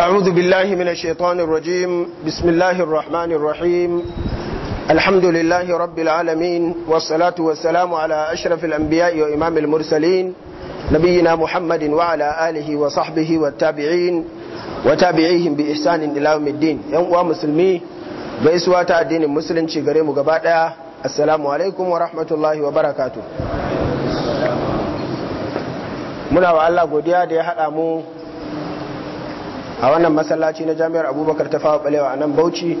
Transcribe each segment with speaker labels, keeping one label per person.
Speaker 1: أعوذ بالله من الشيطان الرجيم بسم الله الرحمن الرحيم الحمد لله رب العالمين والصلاة والسلام على أشرف الأنبياء وإمام المرسلين نبينا محمد وعلى آله وصحبه والتابعين وتابعيهم بإحسان إلى يوم الدين يوم مسلمي gaisuwa ta addinin musulunci gare mu gaba daya assalamu alaikum wa rahmatullahi wa barakatu muna wa Allah godiya da ya haɗa mu a wannan masallaci na jami'ar abubakar ta fawa balewa a nan bauchi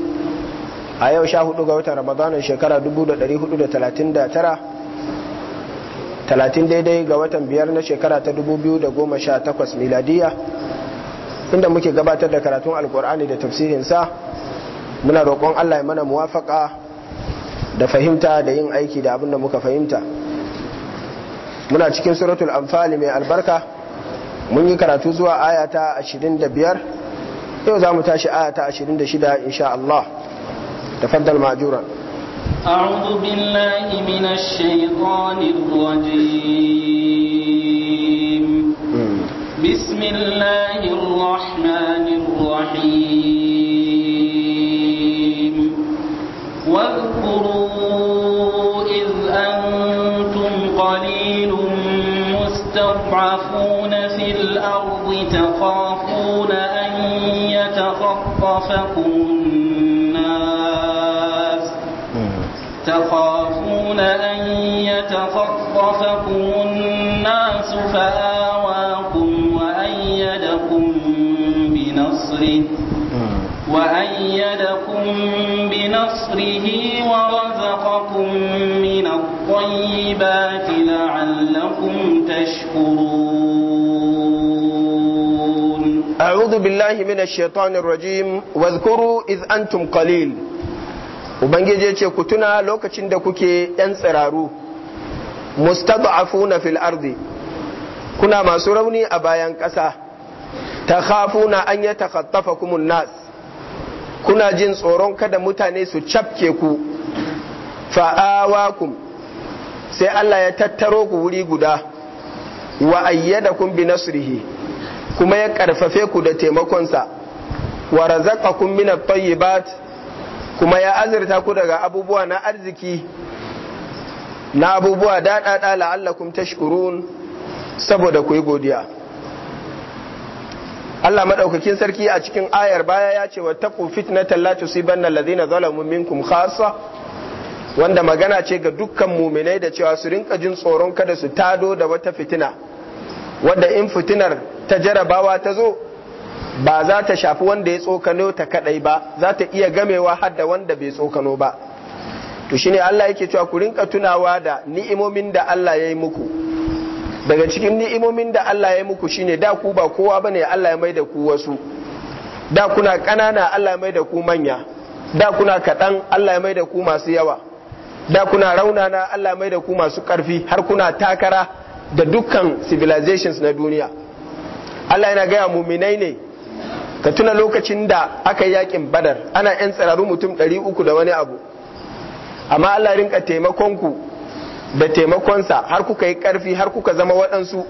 Speaker 1: a yau sha hudu ga watan ramadanin shekara 1439 talatin daidai ga watan biyar na shekara ta 2018 miladiya inda muke gabatar da karatun alkur'ani da tafsirinsa muna roƙon allah ya mana muwafaka da fahimta da yin aiki da abin da muka fahimta muna cikin suratul amfani mai albarka mun yi karatu zuwa ashirin da biyar yau za mu tashi aya ta 26 insha Allah tafaddal ma'jura
Speaker 2: أعوذ بالله من الشيطان الرجيم بسم الله الرحمن الرحيم واذكروا المستضعفون في الأرض تخافون أن يتخطفكم الناس تخافون أن يتخطفكم الناس فآواكم وأيدكم بنصره وأيدكم بنصره ورزقكم من الطيبات تشكرون
Speaker 1: أعوذ بالله Wazkuru الشيطان الرجيم واذكروا Ubangiji yace ku tuna lokacin da kuke ‘yan tsiraru, mustad'afuna fil arzi. kuna masu rauni a bayan ƙasa, ta khafuna an ya takhattafa kumun nas, kuna jin tsoron kada mutane su cafke ku, fa'awakum sai Allah ya tattaro ku wuri guda wa ayyadakum bi nasrihi kuma ya karfafe ku da taimakonsa wa razaqakum min at-tayyibat kuma ya azurta ku daga abubuwa na arziki na abubuwa daɗaɗa la'allakum tashkurun saboda ku yi godiya Allah maɗaukakin sarki a cikin ayar baya ya ce wa taqu fitnatan la tusibanna alladhina zalamu minkum khassa wanda magana ce ga dukkan muminai da cewa su rinka jin tsoron kada su tado da wata fitina wadda in fitinar ta jarabawa ta zo ba za ta shafi wanda ya tsokano ta kadai ba za ta iya gamewa har da wanda bai tsokano ba to shine Allah yake cewa ku rinka tunawa da ni'imomin da Allah ya yi muku daga cikin ni'imomin da Allah ya yi muku shine da ku ba kowa bane Allah ya mai da ku wasu da kuna ƙanana Allah ya mai da ku manya da kuna kaɗan Allah ya mai da ku masu yawa da kuna rauna na Allah mai da ku masu ƙarfi har kuna takara da dukkan civilizations na duniya Allah yana gaya muminai ne ka tuna lokacin da aka yi yakin badar ana 'yan tsararru mutum ɗari uku da wani abu amma Allah rinka ku da taimakonsa har kuka yi ƙarfi har kuka zama waɗansu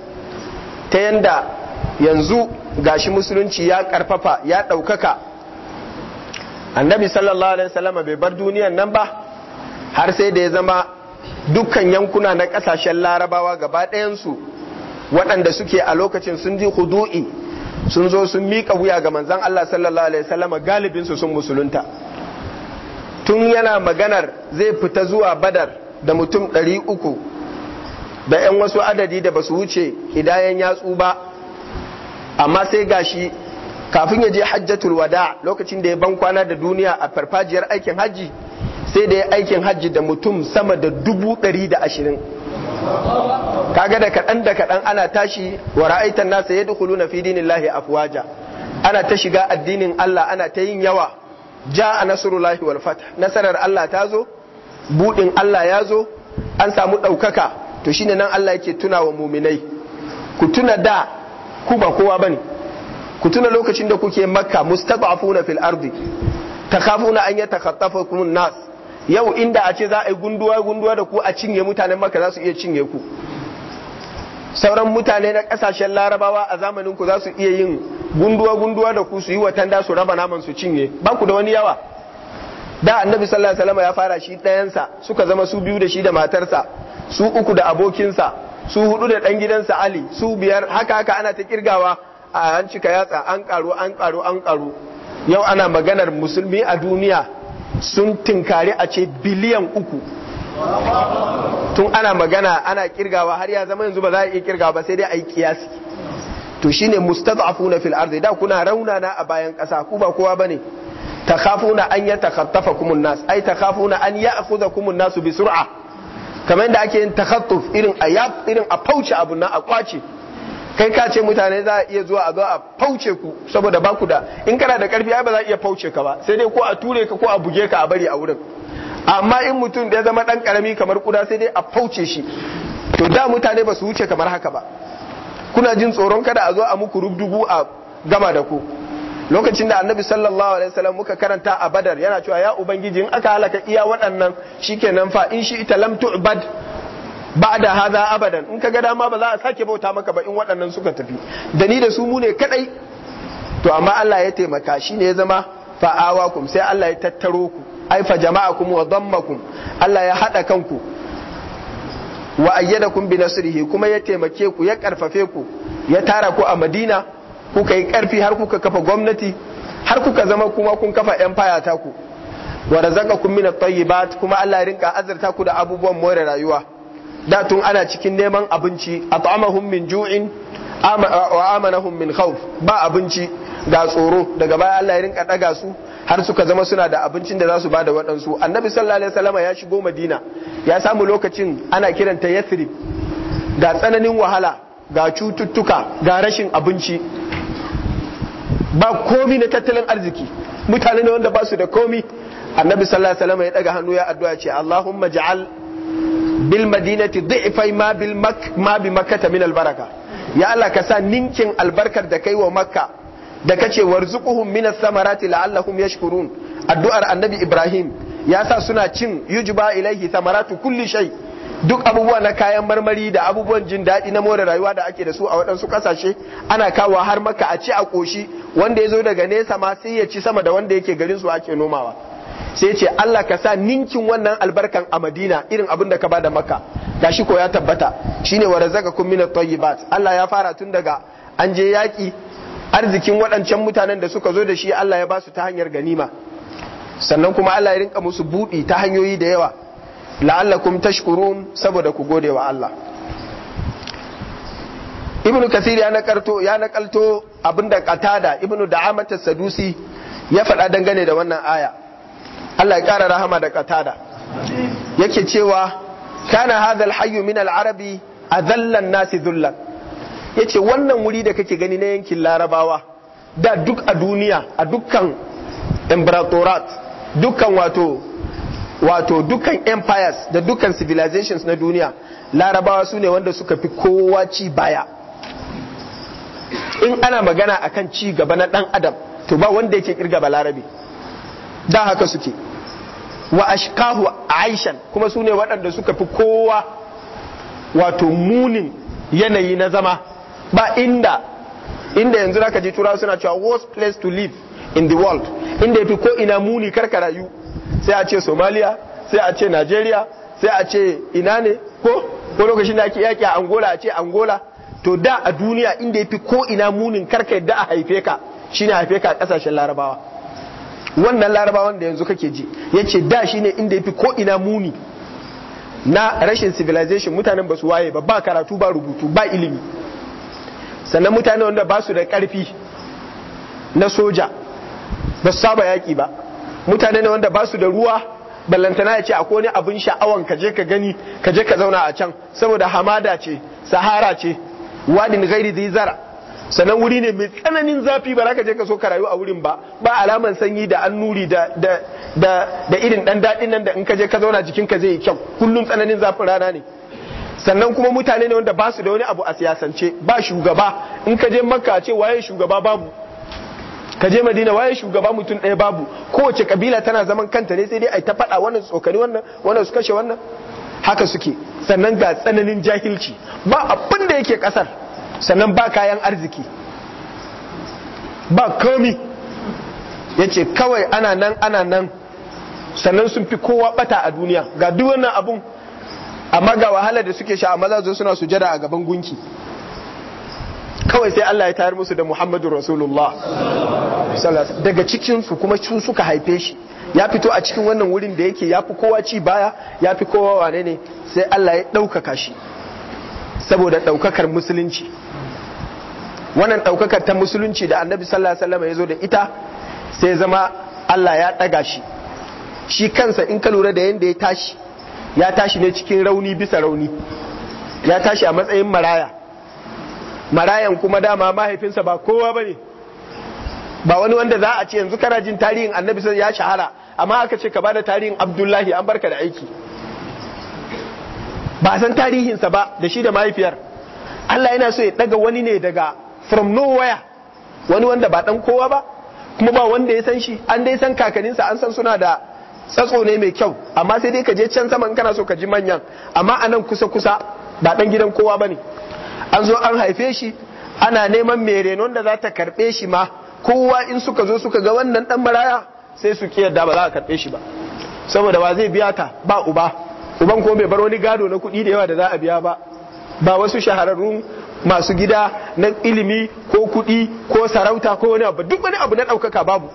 Speaker 1: ta yanda yanzu gashi musulunci ya ƙarfafa ya ɗaukaka annabi sallallahu alaihi bai bar duniyan nan ba har sai da ya zama dukkan yankuna na kasashen larabawa gaba ɗayansu waɗanda suke a lokacin sun ji hudu'i sun zo sun miƙa wuya ga manzan Allah sallallahu alaihi wasallama galibinsu sun musulunta tun yana maganar zai fita zuwa badar da mutum ɗari uku da 'yan wasu adadi da ba su wuce hidayen yatsu ba amma sai gashi kafin ya je hajjatul wada lokacin da ya ban kwana da duniya a farfajiyar aikin hajji sai da ya aikin hajji da mutum sama da dubu ɗari da ashirin kaga da kaɗan da kaɗan ana tashi wa ra'aitan nasa ya dukulu na fi dinillahi ana ta shiga addinin Allah ana ta yin yawa ja a lahi wal fata nasarar Allah ta zo buɗin Allah ya zo an samu ɗaukaka to shine nan Allah yake tuna wa muminai ku tuna da ku ba kowa bane ku tuna lokacin da kuke makka mustad'afuna fil ardi takhafuna an yatakhattafakum nas yau inda a ce za a yi gunduwa gunduwa da ku a cinye mutanen maka za su iya cinye ku sauran mutane na kasashen larabawa a zamanin ku za su iya yin gunduwa gunduwa da ku su yi da su raba naman su cinye ba ku da wani yawa da annabi sallallahu alaihi wasallam ya fara shi ɗayansa suka zama su biyu da shi da matarsa su uku da abokinsa su hudu da dan gidansa ali su biyar haka haka ana ta kirgawa a an cika yatsa an karo an karo an karo yau ana maganar musulmi a duniya sun tinkari a ce biliyan uku tun ana magana ana kirgawa har ya zama yanzu ba za a iya kirgawa ba sai dai a yi kiyasi to shine mustad'afuna fil ardi da kuna raunana a bayan kasa ku ba kowa bane takhafuna an yatakhattafakum kumun nas ay takhafuna an ya'khudhakum an-nas bi sur'a kamar yadda ake yin takhattuf irin a irin a fauce abun nan a kwace kai ka ce mutane za a iya zuwa a zo a fauce ku saboda ba ku da in kana da karfi ai ba za a iya fauce ka ba sai dai ko a ture ka ko a buge ka a bari a wurin amma in mutum da ya zama dan karami kamar kuda sai dai a fauce shi to da mutane ba su wuce kamar haka ba kuna jin tsoron kada a zo a muku rubdugu a gama da ku lokacin da annabi sallallahu alaihi wasallam muka karanta a badar yana cewa ya ubangiji in aka halaka iya waɗannan shikenan fa in shi ita lam tu'bad ba da haza abadan in ka ga dama ba za a sake bauta maka ba in waɗannan suka tafi da ni da su mu ne kadai to amma Allah ya taimaka shi ne ya zama fa'awakum sai Allah ya tattaro ku ai fa jama'akum wa dammakum Allah ya hada kanku wa ayyadakum bi nasrihi kuma ya taimake ku ya karfafe ku ya tara ku a Madina kuka yi karfi har kuka kafa gwamnati har kuka zama kuma kun kafa empire ta ku wa razaqakum min at-tayyibat kuma Allah ya rinka azurta ku da abubuwan more rayuwa da tun ana cikin neman abinci a at'amahum min ju'in wa amanahum min khawf ba abinci ga tsoro daga baya Allah ya rinka daga su har suka zama suna da abincin da za su bada waɗansu annabi sallallahu alaihi wasallama ya shigo madina ya samu lokacin ana kiranta yathrib ga tsananin wahala ga cututtuka ga rashin abinci ba komi na tattalin arziki mutane ne wanda ba su da komi annabi sallallahu alaihi wasallama ya daga hannu ya addu'a ce Allahumma ja'al bil madinati dhifai ma bil mak ma bi makkata min al baraka ya Allah ka sa ninkin albarkar da kai wa makka da kace warzuquhum min samarati la'allahum yashkurun addu'ar annabi ibrahim ya sa suna cin yujba ilaihi samaratu kulli shay duk abubuwa na kayan marmari da abubuwan jin daɗi na more rayuwa da ake da su a waɗansu ƙasashe ana kawo har Makka a ci a ƙoshi wanda ya zo daga nesa ma sai ya ci sama da wanda yake garin su ake nomawa sai ce Allah ka sa ninkin wannan albarkan a Madina irin abin da ka da maka gashi ko ya tabbata shine wa razaqakum min at Allah ya fara tun daga an je yaƙi arzikin waɗancan mutanen da suka zo da shi Allah ya ba su ta hanyar ganima sannan kuma Allah ya rinka musu buɗi ta hanyoyi da yawa la'allakum tashkurun saboda ku gode wa Allah ibnu kasir ya nakalto ya nakalto abinda qatada ibnu da'amata sadusi ya faɗa dangane da wannan aya Allah ya ƙara rahama da katada yake cewa kana hadha hayyu min alarabi adhallan nasi dhullan yace wannan wuri da kake gani na yankin larabawa da duk a duniya a dukkan imperatorat dukkan wato wato dukkan empires da dukkan civilizations na duniya larabawa sune wanda suka fi kowa ci baya in ana magana akan ci gaba na dan adam to ba wanda yake kirga Larabi. da haka suke wa ashkahu aishan kuma su ne waɗanda suka fi kowa wato munin yanayi na zama ba inda inda yanzu zaka ji turawa suna cewa worst place to live in the world inda ya fi ko ina muni karka rayu sai a ce somalia sai a ce nigeria sai a ce ina ne ko ko lokacin da ake yaki a angola a ce angola to da a duniya inda ya fi ko ina munin karka yadda a haife ka shine haife ka a kasashen larabawa wannan larabawan da yanzu kake ji ce da shi ne inda yafi ko ina muni na rashin civilization mutanen ba su waye ba ba karatu ba rubutu ba ilimi sannan mutane wanda ba su da karfi na soja ba su saba yaki ba mutane ne wanda ba su da ruwa ballantana ya ce akwai wani abin sha'awan kaje ka gani kaje ka zauna a can saboda hamada ce sahara ce wadin gairi zai zara sannan wuri ne mai tsananin zafi ba ka je ka so ka rayu a wurin ba ba alaman sanyi da annuri da da da da irin dan dadin nan da in ka je ka zauna jikinka zai yi kyau kullum tsananin zafin rana ne sannan kuma mutane ne wanda ba su da wani abu a siyasance ba shugaba in ka je makka ce waye shugaba babu ka je madina waye shugaba mutum ɗaya babu kowace kabila tana zaman kanta ne sai dai ai ta faɗa wannan tsokani wannan wannan su kashe wannan haka suke sannan ga tsananin jahilci ba abin da yake kasar sannan ba kayan arziki ba komi ya ce kawai ana nan ana nan sannan sun fi kowa bata a duniya ga duk wannan abun amma ga wahalar da suke sha maza za su suna sujada a gaban gunki kawai sai Allah ya tayar musu da Muhammadu Rasulullah daga cikinsu kuma cin suka haife shi ya fito a cikin wannan wurin da yake ya fi kowa ci baya ya fi kowa wane ne sai Allah ya ɗaukaka shi saboda ɗaukakar musulunci wannan ɗaukakar ta musulunci da annabi sallallahu alaihi wasallam ya zo da ita sai zama Allah ya ɗaga shi shi kansa in ka lura da yadda ya tashi ya tashi ne cikin rauni bisa rauni ya tashi a matsayin maraya marayan kuma dama mahaifinsa ba kowa ba ne ba wani wanda za a ce yanzu kana jin tarihin annabi sai ya shahara amma aka ce ka bada tarihin abdullahi an barka da aiki ba san tarihinsa ba da shi da mahaifiyar Allah yana so ya daga wani ne daga from nowhere wani wanda ba dan kowa ba kuma ba wanda ya san shi an dai san kakanninsa an san suna da tsatso ne mai kyau amma sai dai ka je can saman kana so ka ji manyan amma a nan kusa kusa ba dan gidan kowa bane an zo an haife shi ana neman mai renon da za ta karbe shi ma kowa in suka zo suka ga wannan dan maraya sai su ki yadda ba za a karbe shi ba saboda wa zai biya ta ba uba uban ko bai bar wani gado na kuɗi da yawa da za a biya ba ba wasu shahararrun masu gida na ilimi ko kuɗi ko sarauta ko wani abu duk wani abu na ɗaukaka babu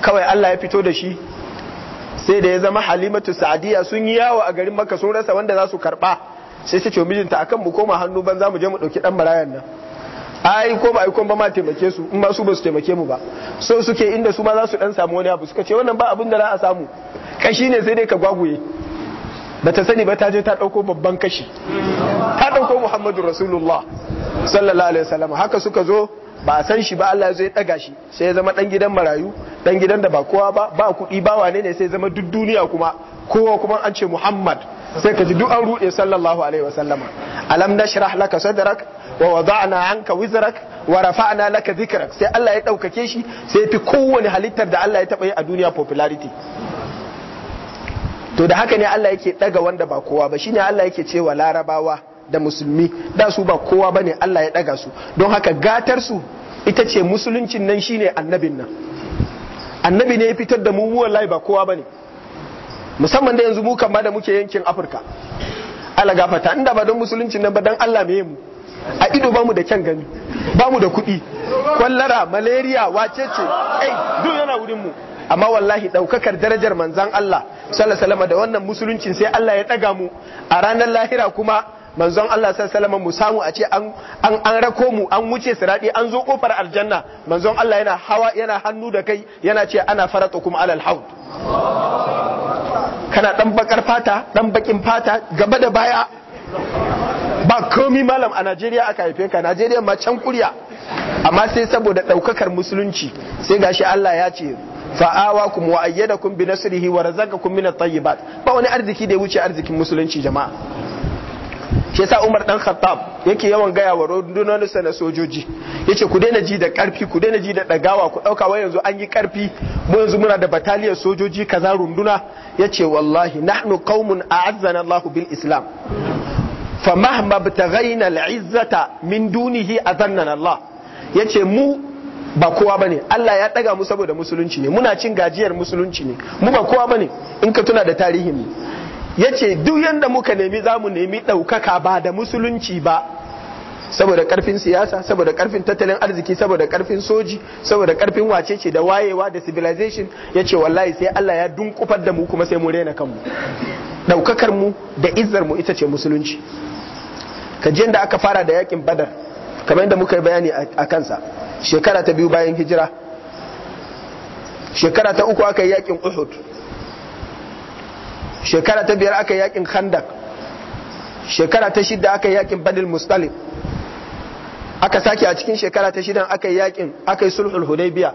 Speaker 1: kawai Allah ya fito da shi sai da ya zama halimatu sa'adiyya sun yi yawo a garin maka sun rasa wanda za su karɓa sai su ce mijinta kan mu koma hannu ban za mu je mu ɗauki ɗan marayan nan ai ko ba ai ko ba ma taimake su in ba su ba su taimake mu ba so suke inda su ma za su dan samu wani abu suka ce wannan ba abin da za a samu kashi ne sai dai ka gwaguye ba ta sani ba ta je ta ɗauko babban kashi ta ɗauko muhammadu rasulullah sallallahu alaihi wasallam haka suka zo ba a san shi ba Allah zai ɗaga shi sai ya zama ɗan gidan marayu ɗan gidan da ba kowa ba ba kuɗi ba wane ne sai zama duk duniya kuma kowa kuma an ce muhammad sai ka ji duk an ruɗe sallallahu alaihi wasallama alam nashrah laka sadrak wa wada'na anka wizrak wa rafa'na laka dhikrak sai Allah ya ɗaukake shi sai ya fi kowane halittar da Allah ya taɓa yi a duniya popularity to da haka ne Allah yake daga wanda ba kowa ba shine Allah yake cewa larabawa da musulmi da su ba kowa bane Allah ya daga su don haka gatar su ita ce musuluncin nan shine annabin nan annabi ne ya fitar da mu wallahi ba kowa bane musamman da yanzu mu kan ba da muke yankin Afirka Allah gafata inda ba don musuluncin nan ba dan Allah me mu a ido bamu da kyan gani bamu da kuɗi kwallara malaria wacece ai duk yana wurin mu amma wallahi daukakar darajar manzan Allah sallallahu alaihi da wannan musuluncin sai Allah ya daga mu a ranar lahira kuma manzon Allah sallallahu alaihi mu samu a ce an an rako mu an wuce siradi an zo kofar aljanna manzon Allah yana hawa yana hannu da kai yana ce ana faratukum alal haud kana dan bakar fata dan bakin fata gaba da baya ba komi malam a Najeriya aka haife ka Najeriya ma can kurya amma sai saboda daukakar musulunci sai gashi Allah ya ce fa'awakum wa ayyadakum bi nasrihi wa razaqakum min at-tayyibat ba wani arziki da ya wuce arzikin musulunci jama'a shi yasa Umar dan Khattab yake yawan gaya wa rundunonin na sojoji yace ku daina ji da karfi ku daina ji da dagawa ku dauka wai yanzu an yi karfi mu yanzu muna da bataliyar sojoji kaza runduna yace wallahi nahnu qaumun a'azzana Allah bil Islam Fa bataghayna al-izzata min dunihi azannana Allah yace mu ba kowa bane Allah ya daga mu saboda musulunci ne muna cin gajiyar musulunci ne mu ba kowa bane in ka tuna da tarihin mu yace duk yadda muka nemi zamu nemi daukaka ba da musulunci ba saboda karfin siyasa saboda karfin tattalin arziki saboda karfin soji saboda karfin wacece da wayewa da civilization ce wallahi sai Allah ya dunkufar da mu kuma sai mu rena kanmu daukakar mu da izzar mu ita ce musulunci kaje da aka fara da yakin badar kamar yadda muka yi bayani a kansa shekara ta biyu bayan hijira shekara ta uku aka yi yakin uhud shekara ta biyar aka yi yakin khandak shekara ta shida aka yi yakin badil mustalib aka sake a cikin shekara ta shidan aka yi yakin aka yi sulhul hudaybiya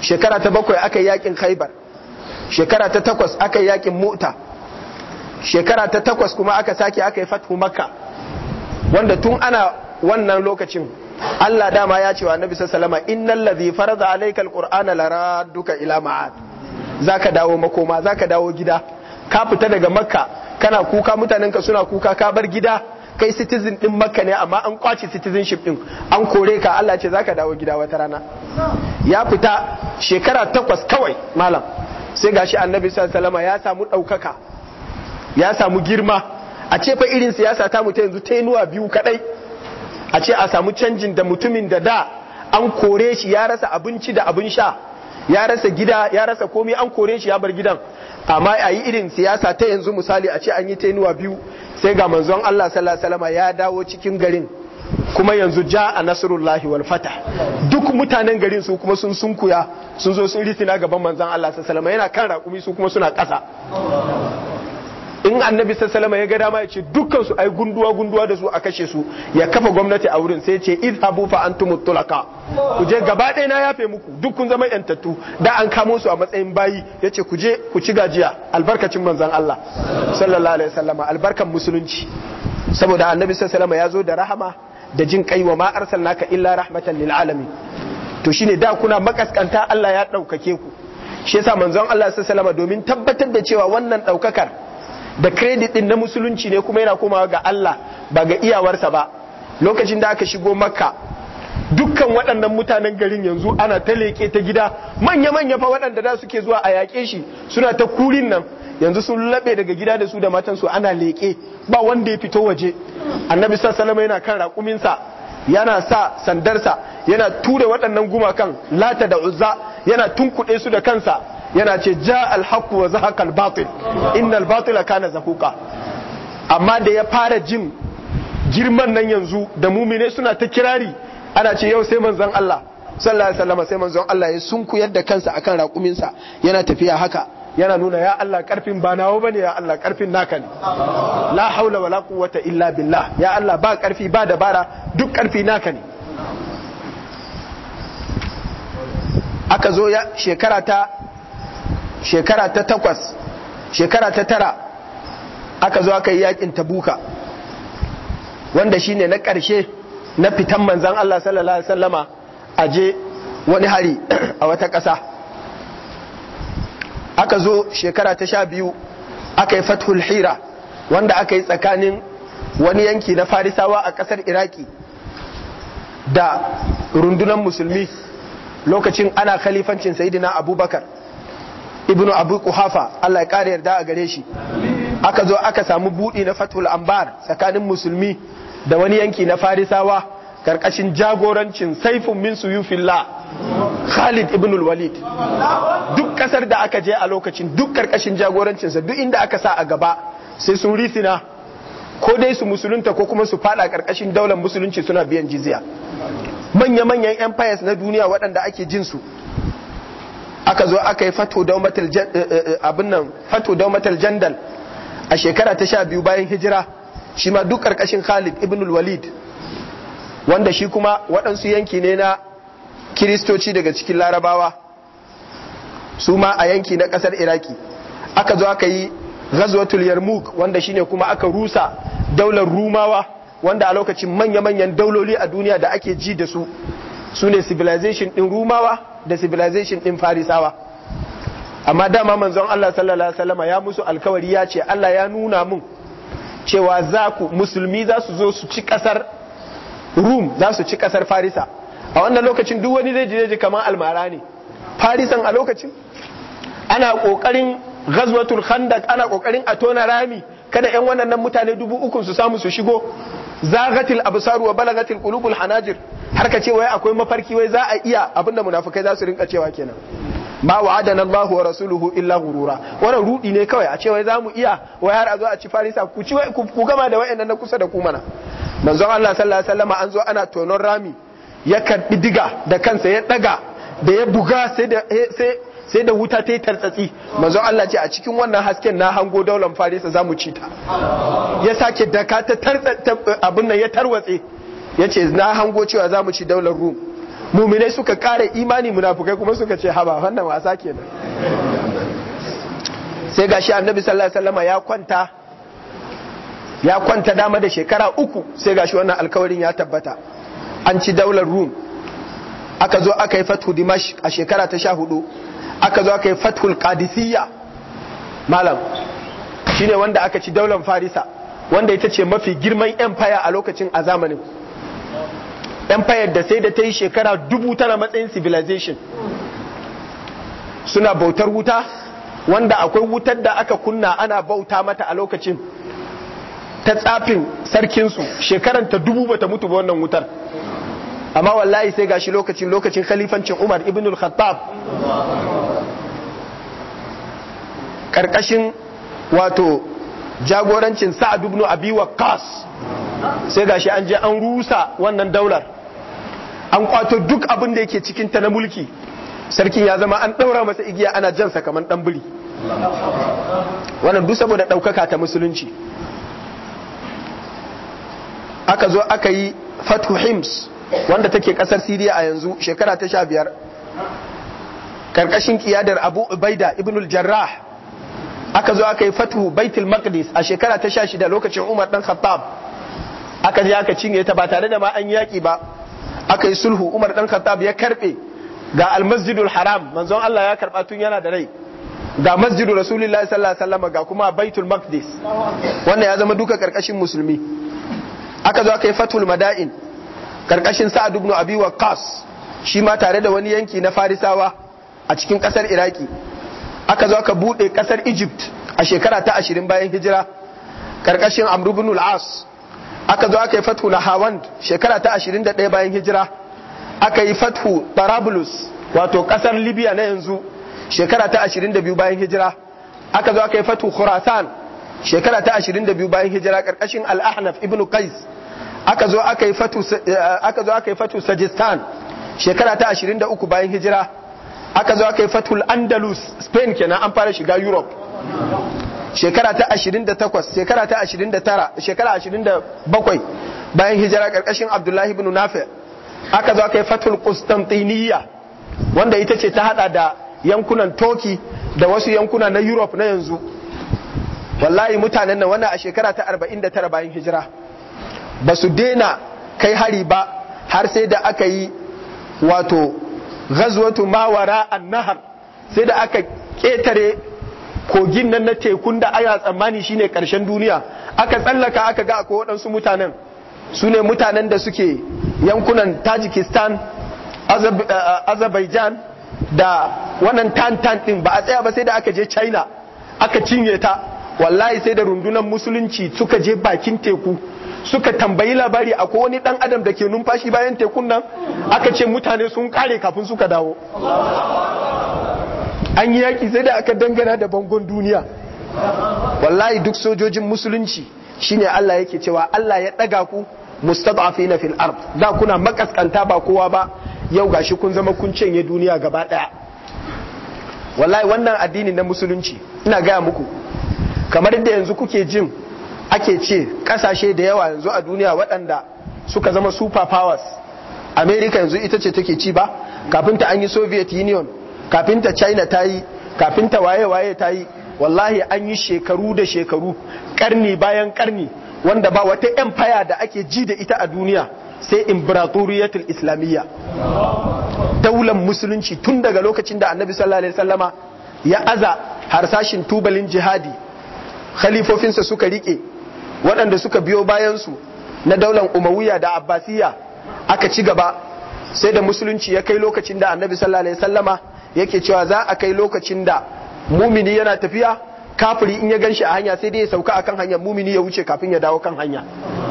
Speaker 1: shekara ta bakwai aka yi yakin khaibar shekara ta takwas aka yi yakin mu'ta shekara ta takwas kuma aka sake aka yi fathu makka wanda tun ana wannan lokacin Allah dama ya ce wa Annabi sallallahu alaihi wasallam innal ladhi farada alaykal qur'ana laraduka ila ma'ad zaka dawo makoma zaka dawo gida ka fita daga makka kana kuka mutanenka suna kuka ka bar gida kai citizen din makka ne amma an kwace citizenship din an kore ka Allah ce zaka dawo gida wata rana ya fita shekara takwas kawai malam sai gashi annabi sallallahu alaihi wasallam ya samu daukaka ya samu girma a ce fa irin siyasa ta mutu yanzu tainuwa biyu kadai a ce a samu canjin da mutumin da da an kore shi ya rasa abinci da abin sha ya rasa gida ya rasa komai an kore shi ya bar gidan amma a yi irin siyasa ta yanzu misali a ce an yi tainuwa biyu sai ga manzon Allah sallallahu ya dawo cikin garin kuma yanzu ja a nasarullahi wal fata duk mutanen garin su kuma sun sunkuya sun zo sun ritina gaban manzon Allah sallallahu yana kan raƙumi su kuma suna ƙasa in annabi sallama ya ga dama ya ce dukkan su ai gunduwa gunduwa da su a kashe su ya kafa gwamnati a wurin sai ya ce idhabu fa antum tulaka ku je gaba ɗaya na yafe muku duk kun zama yantattu da an kamo su a matsayin bayi ce ku je ku ci gajiya albarkacin manzon Allah sallallahu alaihi wasallam albarkan musulunci saboda annabi sallama ya zo da rahama da jin kai wa ma arsalnaka illa rahmatan lil alamin to shine da kuna makaskanta Allah ya ɗaukake ku shi yasa manzon Allah sallallahu alaihi wasallama domin tabbatar da cewa wannan ɗaukakar da credit din na musulunci ne kuma yana komawa ga Allah ba ga iyawarsa ba lokacin da aka shigo makka dukkan waɗannan mutanen garin yanzu ana ta leƙe ta gida manya-manya fa waɗanda da suke zuwa a yaƙe shi suna ta kurin nan yanzu sun laɓe daga gida da su da matansu ana leƙe ba wanda ya fito waje annabi sallallahu yana kan raƙuminsa yana sa sandarsa yana ture waɗannan gumakan lata da uzza yana tunkuɗe su da kansa yana ce ja alhaqu wa zahaqa batil innal batil kana zahuka amma da ya fara jin girman nan yanzu da mumine suna ta kirari ana ce yau sai manzon Allah sallallahu alaihi wasallam sai manzon Allah ya sunku yadda kansa akan raƙuminsa yana tafiya haka yana nuna ya Allah karfin ba nawo bane ya Allah karfin naka ne la haula wala quwwata illa billah ya Allah ba karfi ba dabara duk karfi naka ne aka zo ya shekara ta shekara ta takwas shekara ta tara aka zo aka yi yakin tabuka wanda shine na ƙarshe na fitan manzan Allah sallallahu alaihi wasallama aje wani hari a wata ƙasa aka zo shekara ta sha biyu aka yi fathul hira wanda aka yi tsakanin wani yanki na farisawa a ƙasar iraki da rundunan musulmi lokacin ana khalifancin sayidina abubakar ibnu abu kuhafa allah ya ƙara yarda a gare shi aka zo aka samu buɗi na fathul ambar tsakanin musulmi da wani yanki na farisawa karkashin jagorancin saifin min su suyufillah Khalid ibn walid duk kasar da aka je a lokacin duk karkashin jagorancinsa duk inda aka sa a gaba sai sun risina ko dai su musulunta ko kuma su fada karkashin daular musulunci suna biyan jiziya. manya-manyan empires na duniya waɗanda ake jin su aka zo aka yi fato daumatar eh, eh, eh, jandal a shekara ta sha biyu bayan hijira shi ma duk karkashin khalid ibn walid wanda shi kuma waɗansu yanki ne na kiristoci daga cikin larabawa su ma a yanki na ƙasar iraki aka zo aka yi ghazwatul yarmouk wanda shine kuma aka rusa daular rumawa wanda a lokacin manya-manyan dauloli a duniya da ake ji da su su ne civilization ɗin rumawa da civilization ɗin farisawa amma dama manzon Allah sallallahu alaihi wasallam ya musu alkawari ya ce Allah ya nuna mun cewa za ku musulmi za su zo su ci ƙasar. rum za su ci kasar farisa a wannan lokacin duk wani zai je kamar almara ne farisan a lokacin ana kokarin ghazwatul khandaq ana kokarin a tona rami kada yan wannan mutane dubu uku su samu su shigo zagatil absar wa balagatil qulubul hanajir har ka ce wai akwai mafarki wai za a iya abinda munafikai za su rinka cewa kenan ma wa'adana Allah wa rasuluhu illa gurura wani rudi ne kawai a ce wai za iya wai har a zo a ci farisa ku gama da wayannan na kusa da ku mana manzon Allah sallallahu alaihi wasallam an zo ana tonon rami ya karbi diga da kansa ya daga da ya buga sai da eh, sai sai da wuta ta yi tartsatsi manzon Allah ce a cikin wannan hasken na hango daular farisa za mu ci ta ya sake daka ta abin nan ya tarwatse ya ce na hango cewa za mu ci daular rum muminai suka kare imani munafukai kuma suka ce haba wannan wasa kenan sai gashi annabi sallallahu alaihi wasallam ya kwanta ya kwanta dama da shekara uku sai gashi wannan alkawarin ya tabbata an ci daular rum aka zo aka yi fathu dimash a shekara ta sha hudu aka zo aka yi fathul qadisiyya malam shine wanda aka ci daular farisa wanda ita ce mafi girman empire a lokacin a zamanin empire da sai da ta yi shekara dubu tana matsayin civilization suna bautar wuta wanda akwai wutar da aka kunna ana bauta mata a lokacin ta tsafin sarkinsu shekaran ta dubu ta mutu ba wannan wutar amma wallahi sai gashi lokacin lokacin khalifancin Umar ibn al-Khattab karkashin wato jagorancin Sa'ad ibn Abi Waqqas sai gashi an je an rusa wannan daular an kwato duk abin da yake cikin ta na mulki sarkin ya zama an daura masa igiya ana jansa kamar dan biri wannan duk saboda daukaka ta musulunci aka zo aka yi fatu hims wanda take kasar siriya a yanzu shekara ta sha biyar karkashin kiyadar abu ubaida ibn jarrah aka zo aka yi fathu baitul maqdis a shekara ta sha shida lokacin umar dan khattab aka je aka cinye ta ba tare da ma an yaki ba aka yi sulhu umar dan khattab ya karbe ga almasjidul haram manzon Allah ya karba tun yana da rai ga masjidu rasulullahi sallallahu alaihi wasallam ga kuma baitul maqdis wannan ya zama duka karkashin musulmi aka zo aka yi fatul mada'in karkashin sa'ad ibn abi waqqas shi ma tare da wani yanki na farisawa a cikin kasar iraki aka zo aka bude kasar egypt a shekara ta ashirin bayan hijira karkashin amr ibn al-as aka zo aka yi fathu nahawand shekara ta ashirin da bayan hijira aka yi fathu tarablus wato kasar libya na yanzu shekara ta ashirin bayan hijira aka zo aka yi fathu khurasan shekara ta 22 bayan hijira karkashin al-ahnaf ibn qais aka zo aka yi fatu eh, aka zo aka yi fatu sajistan shekara ta 23 bayan hijira aka zo aka yi fatul andalus spain kenan an fara shiga europe shekara ta 28 shekara ta 29 shekara 27 bayan hijira karkashin abdullahi ibn nafi' aka zo aka yi fatul Constantiniyya wanda ita ce ta hada da yankunan Turkey da wasu yankuna na Europe na yanzu wallahi mutanen nan wannan a shekara ta 49 bayan hijira ba su daina kai hari ba har sai da aka yi wato ghazwatu mawara an-nahar sai da aka ketare kogin nan na tekun da aya tsammani shine karshen duniya aka tsallaka aka ga akwai waɗansu mutanen su ne mutanen da suke yankunan tajikistan eh, azerbaijan da wannan tantan din ba a tsaya ba sai da aka je china aka cinye ta wallahi sai da rundunar musulunci suka je bakin teku suka tambayi labari a wani dan adam da ke numfashi bayan tekun nan aka ce mutane sun kare kafin suka dawo an yi yaki sai da aka dangana da bangon duniya wallahi duk sojojin musulunci shine Allah yake cewa Allah ya daga ku mustad'afina fil ard da kuna makaskanta ba kowa ba yau ga shi kun zama kun cenye duniya gaba daya wallahi wannan addini na musulunci ina gaya muku kamar da yanzu kuke jin ake ce kasashe da yawa yanzu a duniya waɗanda suka zama super powers america yanzu ita ce take ci ba kafin an yi soviet union kafin china ta yi kafin waye-waye ta yi wallahi an yi shekaru da shekaru karni bayan karni wanda ba wata empire da ake ji da ita a duniya sai imperatoriyatul islamiyya daular musulunci tun daga lokacin da annabi sallallahu alaihi wasallama ya aza harsashin tubalin jihadi khalifofinsa suka rike waɗanda suka biyo bayansu na daular umawiya da abbasiya aka ci gaba sai da musulunci ya kai lokacin da annabi sallallahu alaihi sallama yake cewa za a kai lokacin da mumini yana tafiya kafiri in ya gan shi a hanya sai dai ya sauka akan hanyar mumini ya wuce kafin ya dawo kan hanya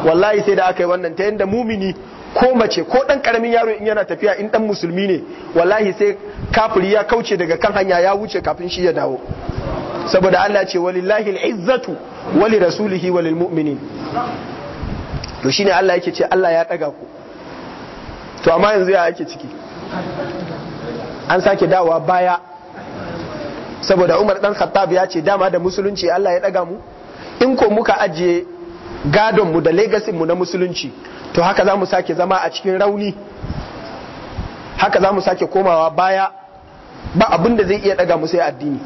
Speaker 1: wallahi sai da aka yi wannan ta yadda mumini ko mace ko dan karamin yaro in yana tafiya in dan musulmi ne wallahi sai kafiri ya kauce daga kan hanya ya wuce kafin shi ya dawo saboda Allah ce walillahi al-izzatu wali rasulihi wali mu'minin to shine Allah yake ce Allah ya daga ku to amma yanzu ya ake ciki an sake dawowa baya saboda Umar dan Khattab ya ce dama da musulunci Allah ya daga mu in ko muka ajiye gadon mu da legacy mu na musulunci to haka za mu sake zama a cikin rauni haka za mu sake komawa baya ba abin da zai iya daga mu sai addini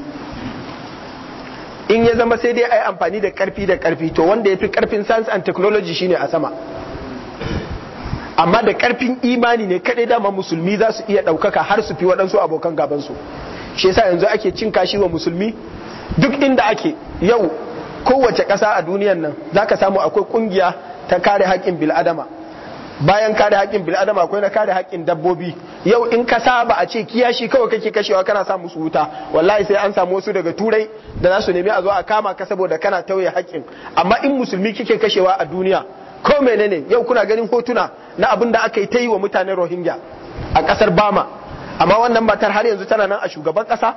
Speaker 1: in ya zama sai dai a yi amfani da karfi da karfi to wanda ya fi karfin science and technology shine a sama amma da karfin imani ne kaɗai dama musulmi za su iya ɗaukaka har su fi waɗansu abokan gabansu shi yasa yanzu ake cin kashi wa musulmi duk inda ake yau kowace ƙasa a duniyan nan za ka samu akwai ƙungiya ta kare haƙƙin bil'adama bayan kare haƙƙin bil'adama akwai na kare haƙƙin dabbobi yau in ka saba a ce kiyashi kawai kake kashewa kana sa musu wuta wallahi sai an samu wasu daga turai da za su nemi a zo a kama ka saboda kana tauye haƙƙin amma in musulmi kike kashewa a duniya ko menene yau kuna ganin hotuna na abin da aka yi ta yi wa mutanen rohingya a ƙasar bama amma wannan matar har yanzu tana nan a shugaban ƙasa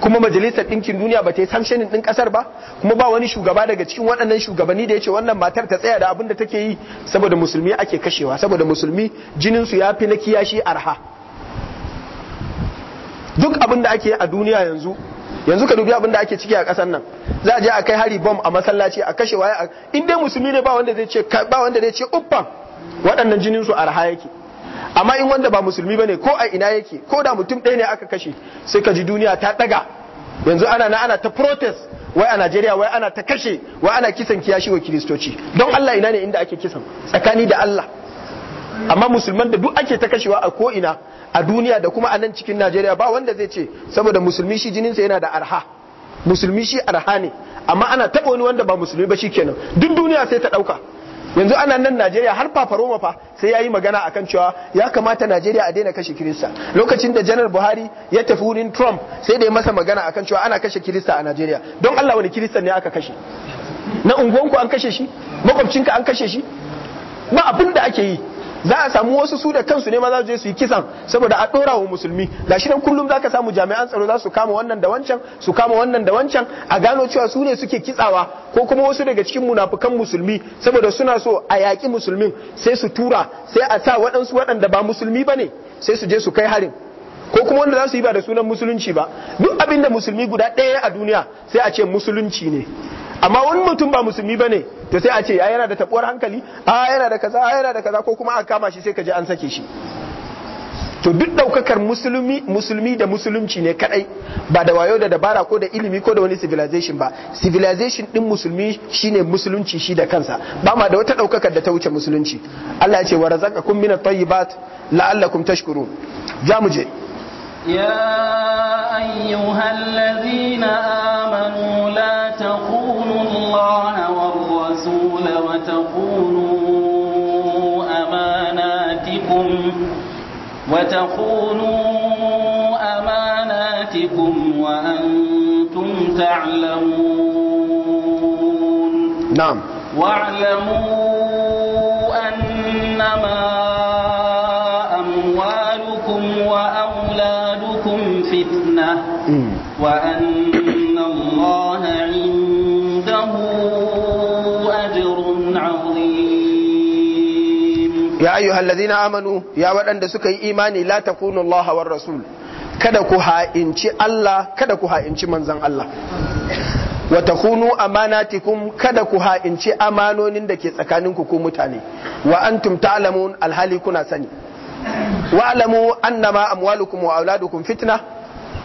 Speaker 1: kuma majalisar ɗinkin duniya ba ta yi sanctionin ɗin ƙasar ba kuma ba wani shugaba daga cikin waɗannan shugabanni da ya ce wannan matar ta tsaya da abin da take yi saboda musulmi ake kashewa saboda musulmi jinin su ya fi na kiyashi arha duk abin da ake a duniya yanzu yanzu ka dubi abin da ake ciki a ƙasar nan za a je a kai hari bom a masallaci a kashe waye in musulmi ne ba wanda zai ce ba wanda zai ce uffan waɗannan jinin su arha yake amma in wanda ba musulmi bane ko a ina yake ko da mutum ɗaya ne aka kashe sai ka ji duniya ta ɗaga yanzu ana na ana ta protest wai a Najeriya wai ana ta kashe wai ana kisan kiyashi wa kiristoci don Allah ina ne inda ake kisan tsakani da Allah amma musulman da duk ake ta kashewa a ko ina a duniya da kuma a nan cikin Najeriya ba wanda zai ce saboda musulmi shi jininsa yana da arha musulmi shi arha ne amma ana taɓa wani wanda ba musulmi ba kenan duk duniya sai ta ɗauka yanzu ana nan Najeriya har fafaroma fa sai yi magana a kan cewa ya kamata Najeriya a daina kashe Kirista lokacin da Janar Buhari ya tafi wurin Trump sai da ya masa magana a kan cewa ana kashe Kirista a Najeriya don Allah wani Kirista ne aka kashe na unguwanku an kashe shi makwabcinka an kashe shi ba abin da ake yi za a samu wasu su da kansu ne ma za su je su yi kisan saboda a dora wa musulmi shi nan kullum za ka samu jami'an tsaro za su kama wannan da wancan su kama wannan da wancan a gano cewa su ne suke kitsawa ko kuma wasu daga cikin munafukan musulmi saboda suna so a yaƙi musulmin sai su tura sai a sa waɗansu waɗanda ba musulmi ne sai su je su kai harin ko kuma wanda za su yi ba da sunan musulunci ba duk abin da musulmi guda ɗaya a duniya sai a ce musulunci ne amma wani mutum ba musulmi bane to sai a ce a yana da tabuwar hankali a yana da kaza a yana da kaza ko kuma a kama shi sai ka ji an sake shi to duk daukakar musulmi musulmi da musulunci ne kadai ba da wayo da dabara ko da ilimi ko da wani civilization ba civilization din musulmi shine musulunci shi da kansa ba ma da wata ɗaukakar da ta wuce musulunci Allah ya ce wa razaqakum minat tayyibat la'allakum tashkurun za mu je
Speaker 2: يا أيها الذين آمنوا لا تخونوا الله والرسول وتخونوا أماناتكم وتخونوا أماناتكم وأنتم تعلمون نعم واعلموا أنما أموالكم وأولادكم الفتنة وأن الله عنده أجر
Speaker 1: عظيم يا أيها الذين آمنوا يا ودن سكي إيماني لا تكونوا الله والرسول kada ku ha'inci Allah kada ku ha'inci manzon Allah wa takunu amanatikum kada ku ha'inci amanonin da ke tsakaninku ku mutane wa antum ta'lamun alhali kuna sani alamu annama amwalukum wa auladukum fitna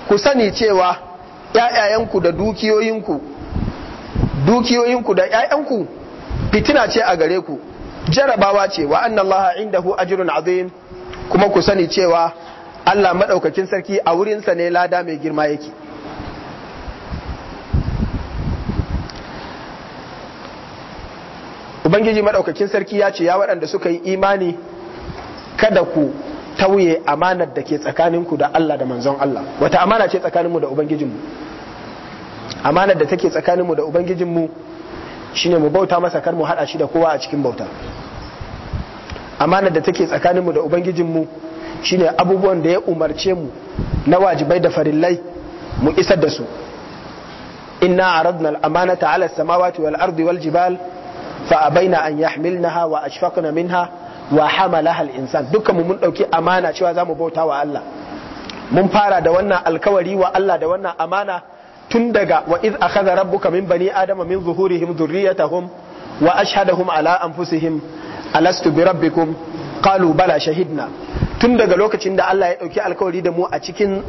Speaker 1: ku sani cewa ‘ya'yayanku da dukiyoyinku dukiyoyinku da ‘ya'yanku fitina ce a gare ku jarabawa ce wa annallaha hu ajrun azim kuma ku sani cewa Allah maɗaukakin sarki a wurinsa ne lada mai girma yake Ubangiji maɗaukakin sarki ya ce ya waɗanda suka yi imani kada ku tauye amanar da ke tsakaninku da Allah da manzon Allah wata amana ce tsakaninmu da ubangijinmu amanar da take tsakaninmu da ubangijinmu shine mu bauta masa kar mu hada shi da kowa a cikin bauta amanar da take tsakaninmu da ubangijinmu shine abubuwan da ya umarce mu na wajibai da farillai mu isar da su inna aradna al-amanata ala samawati wal ardi wal jibal fa abaina an yahmilnaha wa ashfaqna minha wa hamalaha al-insan dukkan mu mun dauki amana cewa zamu bauta wa Allah mun fara da wannan alkawari wa Allah da wannan amana tun daga wa iz akhadha rabbuka min bani adama min zuhurihim dhurriyyatahum wa ashhadahum ala anfusihim alastu bi rabbikum qalu bala shahidna tun daga lokacin da Allah ya dauki alkawari da mu a cikin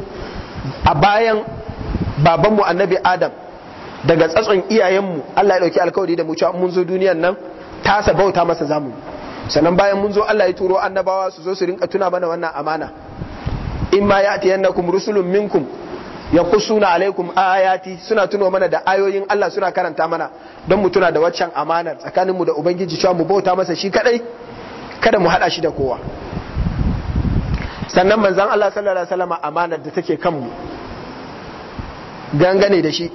Speaker 1: a bayan babanmu annabi Adam daga tsatson iyayenmu Allah ya dauki alkawari da mu cewa mun zo duniyar nan tasa bauta masa zamu sannan bayan mun zo Allah ya turo annabawa su zo su rinka tuna mana wannan amana in ma ya ya'ti yannakum rusulun minkum yaqussuna alaikum ayati suna tuno mana da ayoyin Allah suna karanta mana don mu tuna da waccan amanar tsakanin mu da ubangiji cewa mu bauta masa shi kadai kada mu hada shi da kowa sannan manzon Allah sallallahu alaihi wasallama amanar da take kan mu gangane da shi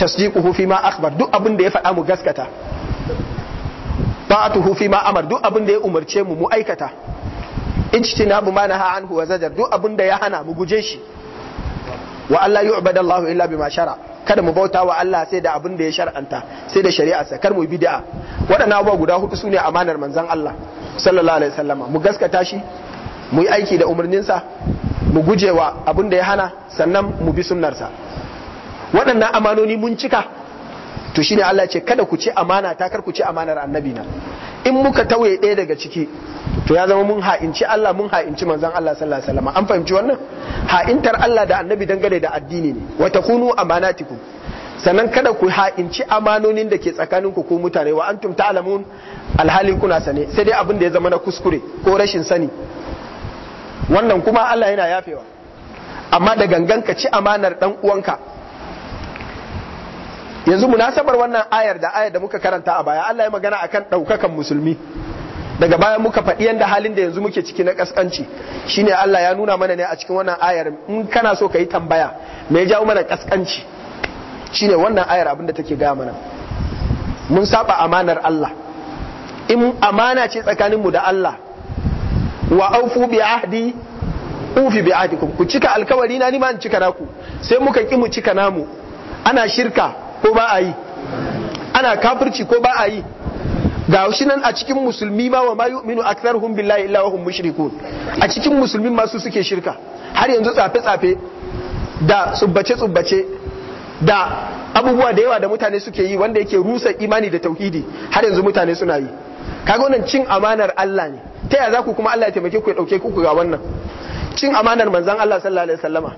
Speaker 1: tasdiquhu fi ma akhbar duk abin da ya faɗa mu gaskata ta'atuhu fi ma amar duk abin da ya umarce mu mu aikata ijtinabu ma naha anhu wa zajar duk abin da ya hana mu guje shi wa Allah yu'badu Allah illa bima shara kada mu bauta wa Allah sai da abin da ya shar'anta sai da shari'arsa kar mu yi bid'a waɗannan abubuwa guda hudu sune amanar manzon Allah sallallahu alaihi wasallama mu gaskata shi mu yi aiki da umarninsa mu guje wa abin da ya hana sannan mu bi sunnarsa waɗannan amanoni mun cika to shine Allah ce kada ku ci amana ta kar ku ci amanar annabi na in muka tauye ɗaya daga ciki to ya zama mun ha'inci Allah mun ha'inci manzon Allah sallallahu an fahimci wannan ha'intar Allah da annabi dangane da addini ne wa takunu amanatikum sannan kada ku ha'inci amanonin da ke tsakanin ku ko mutane wa antum ta'lamun alhalin kuna sane sai dai abin da ya zama na kuskure ko rashin sani wannan kuma Allah yana yafewa amma da gangan ka ci amanar dan uwanka yanzu munasabar wannan ayar da ayar da muka karanta a baya Allah ya magana akan ɗaukakan musulmi daga baya muka faɗi yanda halin da yanzu muke ciki na kaskanci shine Allah ya nuna mana ne a cikin wannan ayar in kana so ka yi tambaya me ya jawo mana kaskanci shine wannan ayar abin da take gaya mana mun saba amanar Allah in amana ce tsakaninmu da Allah wa aufu bi ahdi ufi bi ahdikum ku cika alkawari na ni ma in cika naku sai muka ki mu cika namu ana shirka ko ba a yi ana kafirci ko ba a yi ga shi nan a cikin musulmi ma wa minu aksar hun billahi illa wa hum a cikin musulmi masu suke shirka har yanzu tsafe tsafe da tsubbace tsubbace da abubuwa da yawa da mutane suke yi wanda yake rusa imani da tauhidi har yanzu mutane suna yi kaga wannan cin amanar Allah ne ta yaya za ku kuma Allah ya taimake ku ya dauke ku ga wannan cin amanar manzon Allah sallallahu alaihi wasallama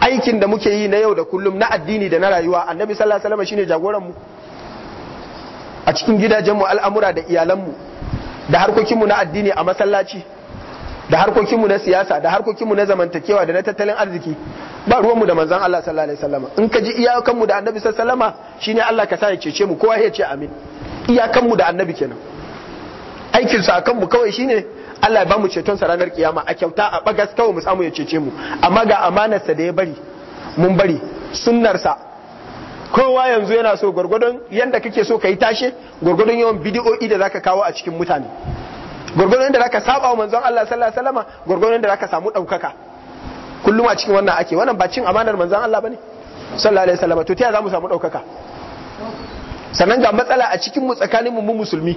Speaker 1: aikin da muke yi na yau da kullum na addini da na rayuwa annabi sallallahu alaihi wasallam shine jagoran mu a cikin gidajen mu al'amura da iyalan mu da harkokin mu na addini a masallaci da harkokin mu na siyasa da harkokin mu na zamantakewa da na tattalin arziki ba ruwan mu da manzon Allah sallallahu alaihi wasallam in ka ji iyakan mu da annabi sallallahu alaihi wasallam shine Allah ka sa ya cece mu kowa ya ce amin iyakan mu da annabi kenan aikin sa kanmu mu kawai shine Allah ya bamu ceton sa ranar kiyama a kyauta a bagas kawai mu samu ya cece mu amma ga amanar sa da ya bari mun bari sunnar sa kowa yanzu yana so gwargwadon yanda kake so kai tashe gwargwadon yawan bidiyoyi da zaka kawo a cikin mutane gwargwadon da zaka saba wa manzon Allah sallallahu alaihi wasallam gwargwadon da zaka samu daukaka kullum a cikin wannan ake wannan ba cin amanar manzon Allah bane sallallahu alaihi wasallam to taya za mu samu daukaka sannan ga matsala a cikin mu tsakanin mu musulmi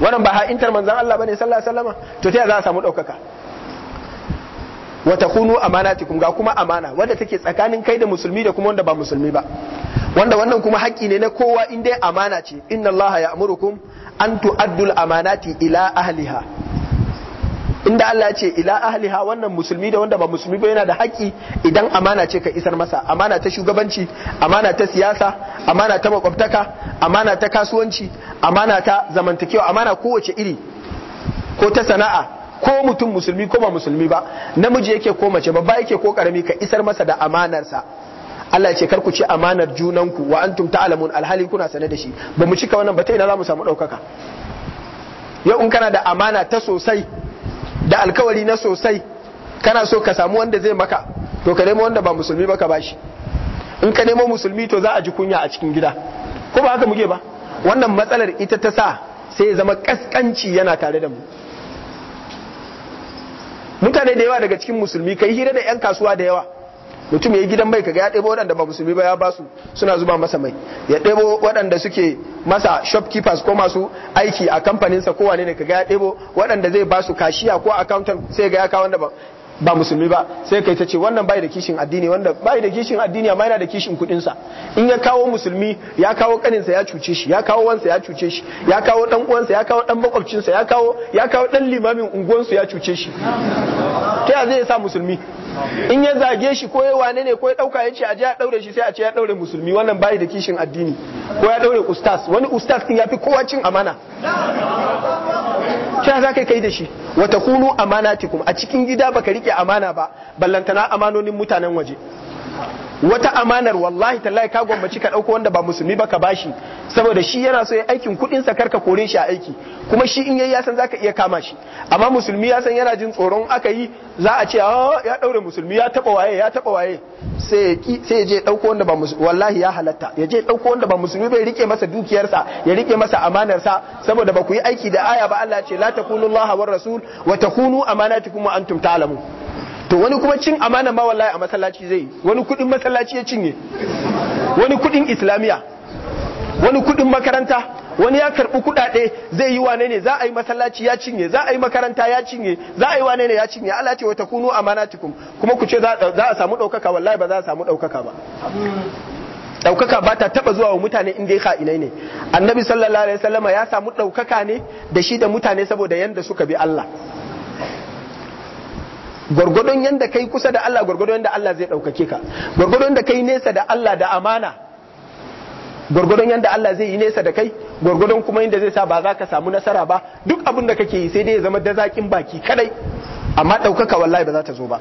Speaker 1: wannan ba ha'intar manzan Allah bane sallallahu alaihi wasallama to ta ya za a samu ɗaukaka wa takunu amanatikum ga kuma amana wanda take tsakanin kai da musulmi da kuma wanda ba musulmi ba wanda wannan kuma haƙƙi ne na kowa in dai amana ce inna Allah ya'murukum an tu'addul amanati ila ahliha inda Allah ce ila ahliha wannan musulmi da wanda ba musulmi ba yana da haƙƙi idan amana ce ka isar masa amana ta shugabanci amana ta siyasa amana ta makwabtaka amana ta kasuwanci amana ta zamantakewa amana kowace iri ko ta sana'a ko mutum musulmi ko ba musulmi ba namiji yake ko mace babba yake ko karami ka isar masa da amanarsa Allah ce kar ku ci amanar junanku wa antum ta'lamun alhali kuna sane da shi ba mu cika wannan ba ta ina za mu samu ɗaukaka yau in kana da amana ta sosai da alkawari na sosai kana so ka samu wanda zai maka to ka nemo wanda ba musulmi ba ka bashi in ka nemo musulmi to za a ji kunya a cikin gida ko ba haka muke ba wannan matsalar ita ta sa sai ya zama kaskanci yana tare da mu mutane da yawa daga cikin musulmi kai hira da 'yan kasuwa da yawa mutum ya yi gidan mai kaga ya ɗebo waɗanda ba musulmi ba ya basu suna zuba masa mai ya ɗebo waɗanda suke masa shopkeepers ko masu aiki a kamfaninsa ko wane ne kaga ya ɗebo waɗanda zai basu kashiya ko accountant sai ga ya kawo wanda ba ba musulmi ba sai kai ta ce wannan bai da kishin addini wanda bai da kishin addini amma yana da kishin kudin sa in ya kawo musulmi ya kawo kanin sa ya cuce shi ya kawo wansa ya cuce shi ya kawo dan uwansa ya kawo dan makwabcin sa ya kawo ya kawo dan limamin unguwan su ya cuce shi ta ya zai sa musulmi in ya zage shi ko wane ne ko ya dauka ya ce a je ya daure shi sai a ce ya daure musulmi wannan bai da kishin addini ko ya daure ustaz wani ustaz din yafi kowa cin amana ta za ka kai da shi wata kunu amanatikum a cikin gida baka rike amana ba ballantana amanonin mutanen waje wata amanar wallahi tallahi ka gwammaci ka dauko wanda ba musulmi ba ka bashi saboda shi yana so ya aikin kudin sa karka kore shi a aiki kuma shi in yayi ya san zaka iya kama shi amma musulmi ya san yana jin tsoron aka yi za a ce oh, ya daure musulmi ya taba waye ya taba waye sai ya ki sai ya je dauko wanda ba musulmi wallahi ya halatta ya je dauko wanda ba musulmi bai rike masa dukiyarsa ya rike masa amanar sa saboda ba ku yi aiki da aya ba Allah ce la takunullaha war rasul wa takunu amanatukum wa antum ta'lamun to wani kuma cin amana ma wallahi a masallaci zai wani kudin masallaci ya cinye wani kudin islamiya wani kudin makaranta wani ya karbi kudade zai yi wane ne za a yi masallaci ya cinye za a yi makaranta ya cinye za a yi wane ne ya cinye Allah ce wa takunu amanatikum kuma ku ce za a samu daukaka wallahi ba za a samu daukaka ba daukaka ba ta taba zuwa wa mutane inda ya ha'inai ne annabi sallallahu alaihi wasallama ya samu daukaka ne da shi da mutane saboda yanda suka bi Allah gwargwadon yadda kai kusa da Allah gwargwadon yadda Allah zai ɗaukake ka gwargwadon da kai nesa da Allah da amana gwargwadon yadda Allah zai yi nesa da kai gwargwadon kuma yadda zai sa ba za ka samu nasara ba duk abin da kake yi sai dai ya zama da zaƙin baki kadai amma ɗaukaka wallahi ba za ta zo ba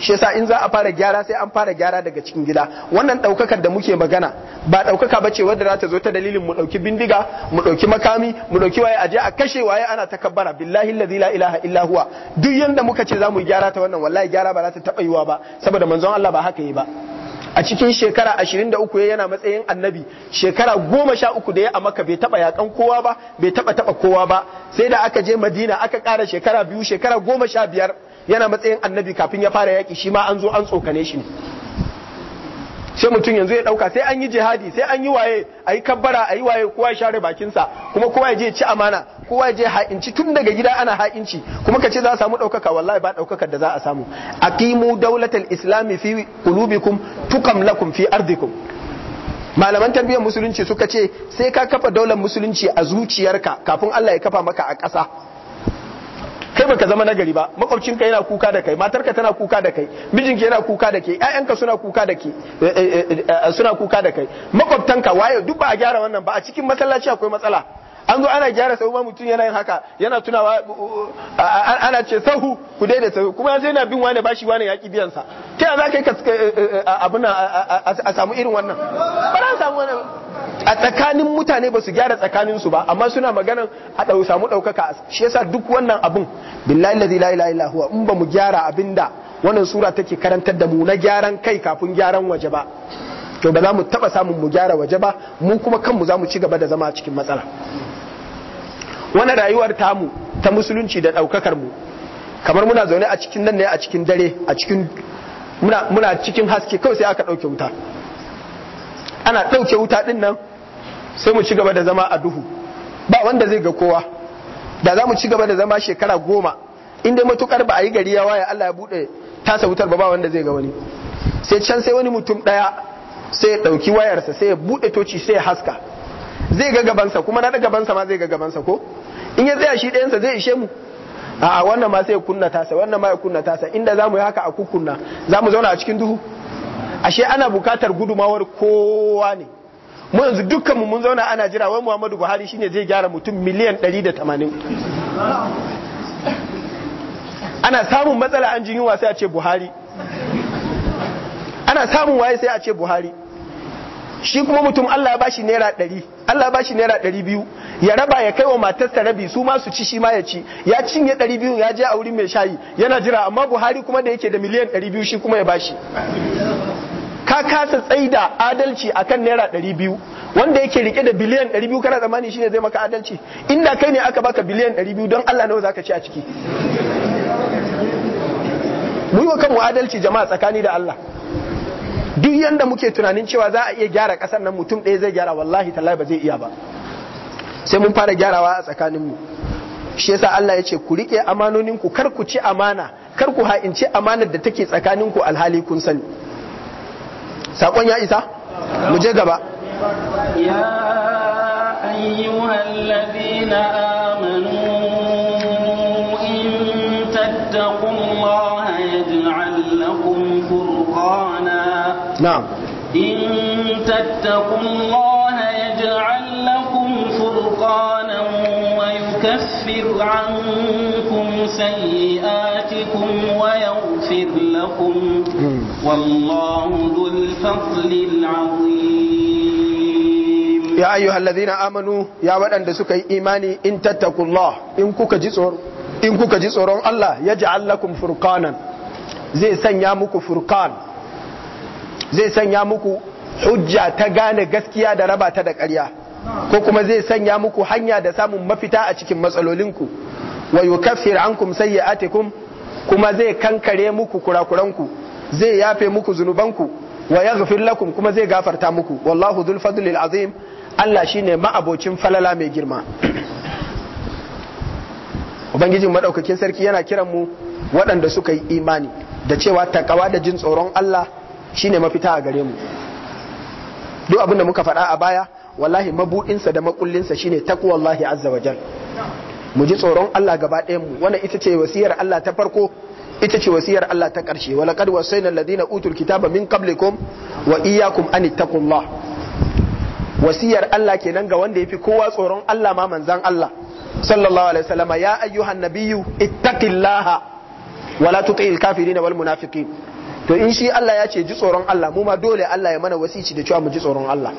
Speaker 1: shi yasa in za a fara gyara sai an fara gyara daga cikin gida wannan daukakar da muke magana ba ɗaukaka ba ce wadda za ta zo ta dalilin mu ɗauki bindiga mu ɗauki makami mu ɗauki waye aje a kashe waye ana takabbara billahi allazi la ilaha illa huwa duk yanda muka ce za mu gyara ta wannan wallahi gyara ba za ta taba yiwa ba saboda manzon Allah ba haka yi ba a cikin shekara ashirin da uku yana matsayin annabi shekara goma sha uku da ya a maka bai taba yakan kowa ba bai taba taba kowa ba sai da aka je madina aka ƙara shekara biyu shekara goma sha biyar yana matsayin annabi kafin ya fara yaƙi. shi ma an zo an tsokane shi sai mutum yanzu ya ɗauka. sai an yi jihadi sai an yi waye a yi kabbara a yi waye kowa ya share bakinsa kuma kowa ya je ci amana kowa ya je ha'inci tun daga gida ana ha'inci kuma ka ce za a samu ɗaukaka wallahi ba ɗaukaka da za a samu aqimu daulatal islami fi qulubikum tukam lakum fi ardikum malaman tarbiyyar musulunci suka ce sai ka kafa daular musulunci a zuciyarka kafin Allah ya kafa maka a ƙasa kai baka zama nagari ba makwabcinka yana kuka da kai matarka tana kuka da kai mijinka yana kuka da ke ƴaƴanka suna kuka da ke eh, eh, eh, suna kuka da kai makwabtanka waye duk ba a gyara wannan ba a cikin masallaci akwai matsala an zo ana gyara sahu ma mutum yana yin haka yana tunawa ana ce sahu ku da sahu kuma zai yana bin wani bashi wani yaki biyan sa ta yanzu ka eh, eh, eh, abin a samu irin wannan ba za samu wannan a tsakanin mutane ba su gyara tsakanin su ba amma suna maganan a ɗau samu ɗaukaka shi yasa duk wannan abin billahi la ilaha illa huwa in ba mu gyara abinda wannan sura take karantar da mu na gyaran kai kafin gyaran waje ba to ba za mu taɓa samun mu gyara waje ba mu kuma kanmu za mu ci gaba da zama a cikin matsala wani rayuwar tamu ta musulunci da ɗaukakar mu kamar muna zaune a cikin nan ne a cikin dare a cikin muna, cikin haske kawai sai aka ɗauke wuta ana ɗauke wuta ɗin nan sai mu ci gaba da zama a duhu ba wanda zai ga kowa da za mu ci gaba da zama shekara goma inda matukar ba a yi gari ya waya Allah ya buɗe tasa wutar ba ba wanda zai ga wani sai can sai wani mutum ɗaya sai ya ɗauki wayarsa sai ya buɗe toci sai ya haska zai ga gabansa kuma na da gabansa ma zai ga gabansa ko in ya tsaya shi ɗayansa zai ishe mu a wannan ma sai ya kunna tasa wannan ma ya kunna tasa inda za mu yi haka a kukunna za mu zauna a cikin duhu ashe ana bukatar gudumawar kowa ne mu yanzu dukkan mu mun zauna ana jira wai Muhammadu Buhari shine zai gyara mutum miliyan 180 ana samun matsala an jin yunwa sai a ce Buhari ana samun waye sai a ce buhari shi kuma mutum Allah ba bashi naira ɗari Allah ba bashi naira ɗari biyu ya raba ya kai wa matarsa rabi su ma su ci shi ma ya ci ya cinye ɗari biyu ya je a wuri mai shayi yana jira amma buhari kuma da yake da miliyan ɗari biyu shi kuma ya bashi ka kasa tsaida adalci akan naira ɗari biyu wanda yake rike da biliyan ɗari biyu kana zamani shine zai maka adalci inda kai ne aka baka biliyan ɗari biyu don Allah nawa zaka ci a ciki mu yi wa kanmu adalci jama'a tsakani da Allah duk yanda muke tunanin cewa za a iya gyara ƙasar nan mutum ɗaya zai gyara wallahi tallahi ba zai iya ba sai mun fara gyarawa a tsakanin mu shi yasa Allah ya ce ku rike amanonin ku kar ku ci amana kar ku ha'inci amanar da take tsakanin ku alhali kun sani sakon ya isa mu je gaba ya
Speaker 2: ayyuhal ladina amanu in tattaqullaha نعم إن تتقوا الله يجعل لكم فرقانا ويكفر عنكم سيئاتكم ويغفر لكم والله ذو الفضل
Speaker 1: العظيم يا أيها الذين آمنوا يا ودن سكي إيماني إن تتقوا الله إن كوكا جسور in kuka ji tsoron Allah ya ji lakum furqanan zai sanya muku furqan zai sanya muku hujja ta gane gaskiya da raba ta da ƙarya ko kuma zai sanya muku hanya da samun mafita a cikin matsalolinku wa yukaffir ankum sayyi'atikum kuma zai kankare muku kurakuranku zai yafe muku zunubanku wa yaghfir lakum kuma zai gafarta muku wallahu dhul fadlil azim Allah shine ma'abocin falala mai girma ubangijin madaukakin sarki yana kiran mu waɗanda suka yi imani da cewa takawa da jin tsoron Allah shine mafita a gare mu duk abin da muka faɗa a baya wallahi mabuɗinsa da makullinsa shine takwallahi azza wajal mu ji tsoron Allah gaba ɗayan mu wannan ita ce wasiyar Allah ta farko ita ce wasiyar Allah ta ƙarshe wa laqad wasayna alladhina utul kitaba min qablikum wa iyyakum an ittaqullah wasiyar Allah kenan ga wanda yafi kowa tsoron Allah ma manzan Allah sallallahu alaihi wasallam ya ayyuhan nabiyyu ittaqillaha wa la tuti'il kafirin wal munafiqin to in shi Allah ya ce ji tsoron Allah mu ma dole Allah ya mana wasici da cewa mu ji tsoron Allah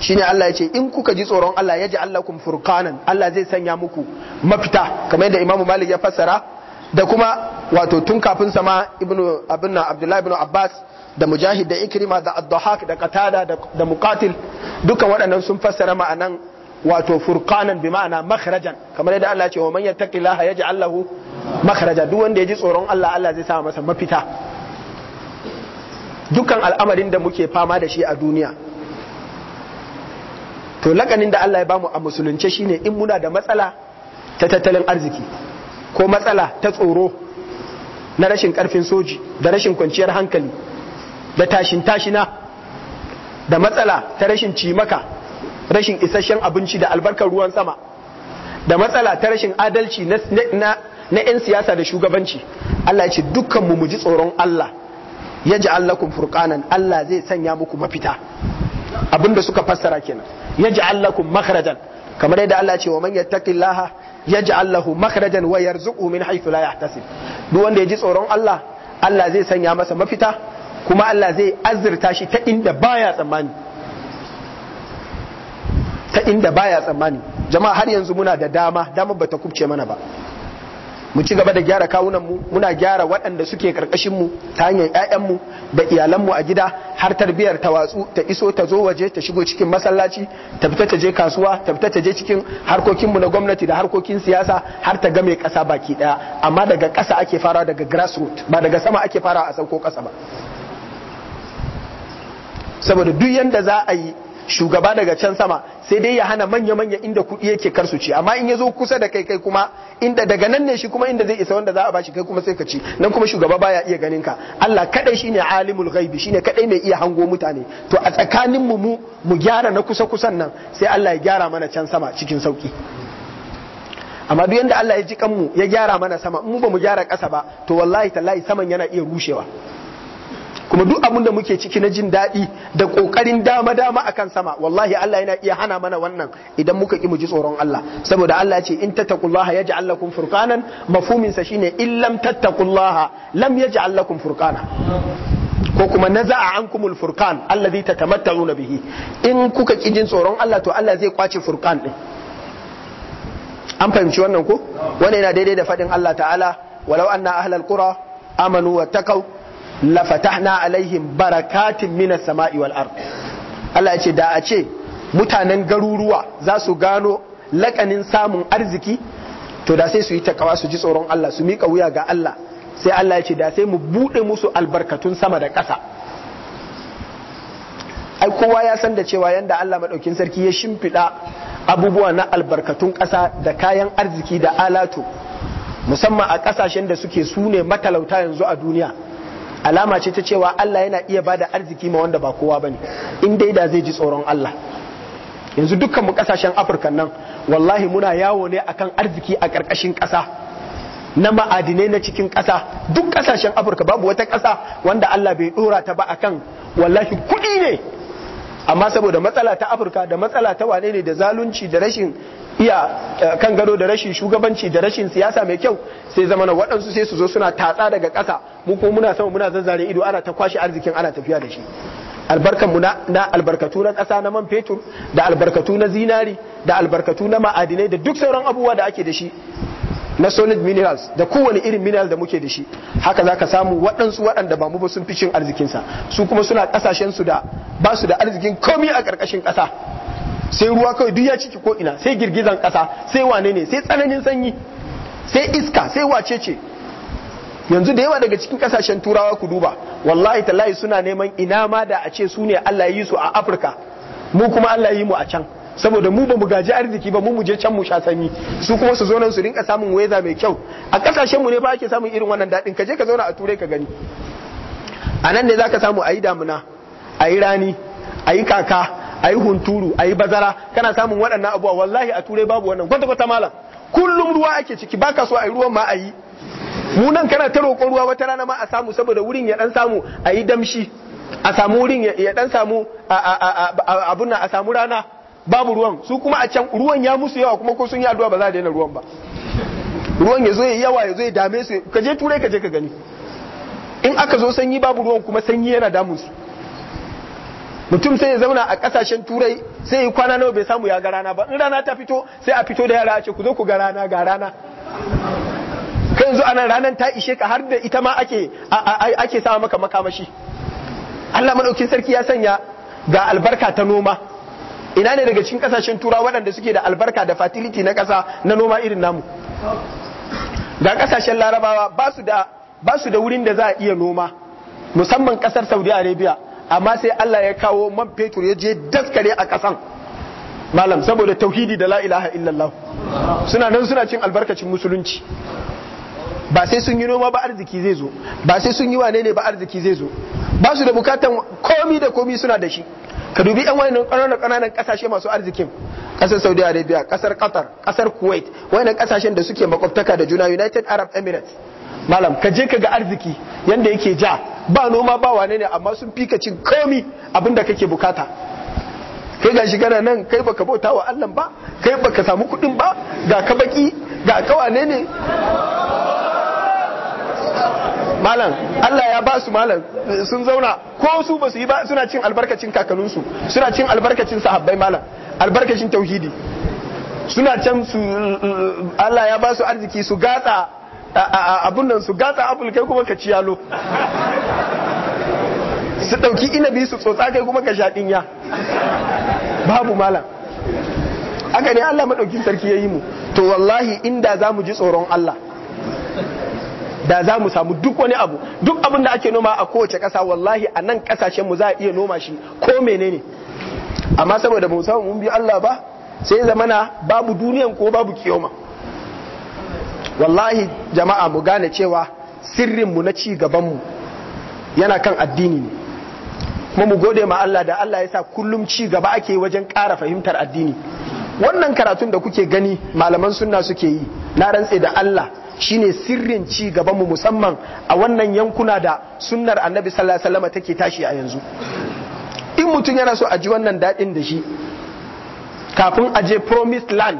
Speaker 1: shine Allah ya ce in kuka ji tsoron Allah ya ji Allah kum furqanan Allah zai sanya muku mafita kamar yadda Imam Malik ya fassara da kuma wato tun kafin sama ibnu Abdullahi ibn Abbas da Mujahid da Ikrima da Ad-Dahhak da Qatada da Muqatil dukan waɗannan sun fassara ma'anan wato furqanan bi ma'ana makhrajan kamar yadda Allah ya ce wa man yattaqillaha yaj'al lahu makhraja duk wanda ya ji tsoron Allah Allah zai sa masa mafita dukkan al'amarin da muke fama da shi a duniya to lakanin da Allah ya bamu a musulunce shine in muna da matsala ta tattalin arziki ko matsala ta tsoro na rashin karfin soji da rashin kwanciyar hankali da tashin tashina da matsala ta rashin cimaka rashin isasshen abinci da albarkar ruwan sama da matsala ta rashin adalci na 'yan siyasa da shugabanci Allah ya ce dukkanmu mu ji tsoron Allah yaj'al lakum furqanan Allah zai sanya muku mafita abinda suka fassara kenan Yaji lakum makarajan. kamar yadda Allah ce wa man yattaqillaha Yaji allahu makarajan wa yarzuqhu min haythu la yahtasib duk wanda ya ji tsoron Allah Allah zai sanya masa mafita kuma Allah zai azurta shi ta inda baya tsammani ta inda baya tsammani jama'a har yanzu muna da dama dama bata kubce mana ba mu ci gaba da gyara kawunan mu muna gyara waɗanda suke karkashin mu ta hanyar ƴaƴan mu da iyalan mu a gida har tarbiyar ta watsu ta iso ta zo waje ta shigo cikin masallaci ta fita ta je kasuwa ta fita ta je cikin harkokin mu na gwamnati da harkokin siyasa har ta game ƙasa baki ɗaya amma daga ƙasa ake fara daga grassroots ba daga sama ake fara a sauko ƙasa ba saboda duk yanda za a yi shugaba daga can sama sai dai ya hana manya manya inda kuɗi yake kar su ci amma in ya zo kusa da kai kai kuma inda daga nan ne shi kuma inda zai isa wanda za a bashi kai kuma sai ka ci nan kuma shugaba baya iya ganin ka Allah kadai shine alimul ghaibi shine kadai mai iya hango mutane to a tsakanin mu mu gyara na kusa kusan nan sai Allah ya gyara mana can sama cikin sauki amma duk yanda Allah ya ji kanmu ya gyara mana sama in mu ba mu gyara ƙasa ba to wallahi tallahi saman yana iya rushewa kuma duk abin da muke ciki na jin daɗi da ƙoƙarin dama dama akan sama wallahi Allah yana iya hana mana wannan idan muka ki mu ji tsoron Allah saboda Allah ya ce in tattaqullaha ya lakum furqanan mafhumin sa shine in lam tattakullaha lam yaj'al lakum furqana ko kuma naza'a ankumul furqan allazi tatamatta'una bihi in kuka ki jin tsoron Allah to Allah zai kwace furqan din an fahimci wannan ko wannan yana daidai da faɗin Allah ta'ala walau anna ahlal qura amanu wattaqu lafatahna alaihim barakatin minas sama'i wal ard Allah ya ce da a ce mutanen garuruwa za su gano lakanin samun arziki to da sai su yi takawa su ji tsoron Allah su miƙa wuya ga Allah sai Allah ya ce da sai mu buɗe musu albarkatun sama da ƙasa ai kowa ya san da cewa yanda Allah maɗaukin sarki ya shimfiɗa abubuwa na albarkatun ƙasa da kayan arziki da alatu musamman a ƙasashen da suke sune matalauta yanzu a duniya alama ce ta cewa Allah yana iya bada arziki ma wanda ba kowa bane in dai da zai ji tsoron Allah yanzu dukkan mu kasashen Afirka nan wallahi muna yawo ne akan arziki a ƙarƙashin ƙasa na ma'adinai na cikin ƙasa duk ƙasashen Afirka babu wata ƙasa wanda Allah bai dora ta ba akan wallahi kuɗi ne amma saboda matsala ta Afirka da matsala ta wane ne da zalunci da rashin iya eh, kan gado da rashin shugabanci da rashin siyasa mai kyau sai zama na waɗansu sai su zo suna tatsa daga ƙasa mu kuma muna sama muna zazzare ido ana ta kwashe arzikin ana tafiya da shi mu na albarkatu na ƙasa na man fetur da albarkatu na zinari da albarkatu na ma'adinai da duk sauran abubuwa da ake da shi na solid minerals da kowane irin mineral da muke da shi haka za ka samu waɗansu waɗanda ba mu ba sun fi cin arzikinsa su kuma suna ƙasashensu da ba su da arzikin komi a ƙarƙashin ƙasa sai ruwa kawai duk ya ciki ko ina sai girgizan kasa sai wane ne sai tsananin sanyi sai iska sai wacece yanzu da yawa daga cikin kasashen turawa ku duba wallahi tallahi suna neman ina ma da a ce su ne Allah ya yi su a Afirka mu kuma Allah ya yi mu a can saboda mu ba mu gaji arziki ba mu mu je can mu sha sanyi su kuma su zo nan su rinka samun weather mai kyau a kasashen mu ne ba ake samun irin wannan dadin ka je ka zauna a turai ka gani a nan ne zaka samu ayi damuna ayi rani ayi kaka ayi hunturu ayi bazara kana samun waɗannan abuwa wallahi a turai babu wannan kwata kwata malam kullum ruwa ake ciki baka so ayi ruwan ma ayi mu nan kana ta roƙon ruwa wata rana ma a samu saboda wurin ya dan samu ayi damshi a samu wurin ya dan samu abun nan a samu rana babu ruwan su kuma a can ruwan ya musu yawa kuma ko sun yi addu'a ba za a daina ruwan ba ruwan ya zo ya yawa ya zo ya dame su ka je turai ka ka gani in aka zo sanyi babu ruwan kuma sanyi yana damun su mutum sai ya zauna a kasashen turai sai ya kwana nawa bai samu ya ga rana ba in rana ta fito sai a fito da yara a ce ku zo ku ga rana ga rana kai yanzu anan ranan ta ishe ka har da ita ma ake ake sa maka makamashi Allah madaukin sarki ya sanya ga albarka ta noma ina ne daga cikin kasashen tura waɗanda suke da albarka da fertility na ƙasa na noma irin namu ga kasashen larabawa ba su da ba su da wurin da za a iya noma musamman ƙasar saudi arabia amma sai Allah ya kawo man fetur ya je daskare a kasan malam saboda tauhidi da la ilaha illallah suna nan suna cin albarkacin musulunci ba sai sun yi noma ba arziki zai zo ba sai sun yi wane ne ba arziki zai zo ba su da bukatan komi da komi suna da shi ka dubi yan wani ƙananan ƙananan ƙasashe masu arzikin ƙasar saudi arabia ƙasar qatar ƙasar kuwait wani ƙasashen da suke makwabtaka da juna united arab emirates malam ka je ka ga arziki yanda yake ja ba noma ba wane ne amma sun fi cin komi abin da kake bukata kai gashi gana nan kai baka bauta wa Allah ba kai baka samu kudin ba ga ka baki ga ka wane ne malam Allah ya ba su malam sun zauna ko su ba su yi ba suna cin albarkacin kakanninsu suna cin albarkacin sahabbai malam albarkacin tauhidi suna can su Allah ya ba su arziki su gatsa abun nan su gata apple kai kuma ka ciyalo su ɗauki inabi su tsotsa kai kuma ka shaɗin ya babu malam aka ne Allah maɗaukin sarki ya yi mu to wallahi inda za mu ji tsoron Allah da za mu samu duk wani abu duk abin da ake noma a kowace ƙasa wallahi a nan kasashen mu za a iya noma shi ko menene amma saboda mu samu mun bi Allah ba sai zamana babu duniyan ko babu kiyoma wallahi jama'a mu gane cewa sirrinmu na ci gabanmu yana kan addini ne kuma mu gode ma Allah da Allah ya sa kullum ci gaba ake wajen ƙara fahimtar addini wannan karatun da kuke gani malaman sunna suke yi na rantse da Allah shine sirrin ci gaban musamman a wannan yankuna da sunnar annabi sallallahu alaihi wasallam take tashi a yanzu in mutum yana so a ji wannan dadin da shi kafin a je promised land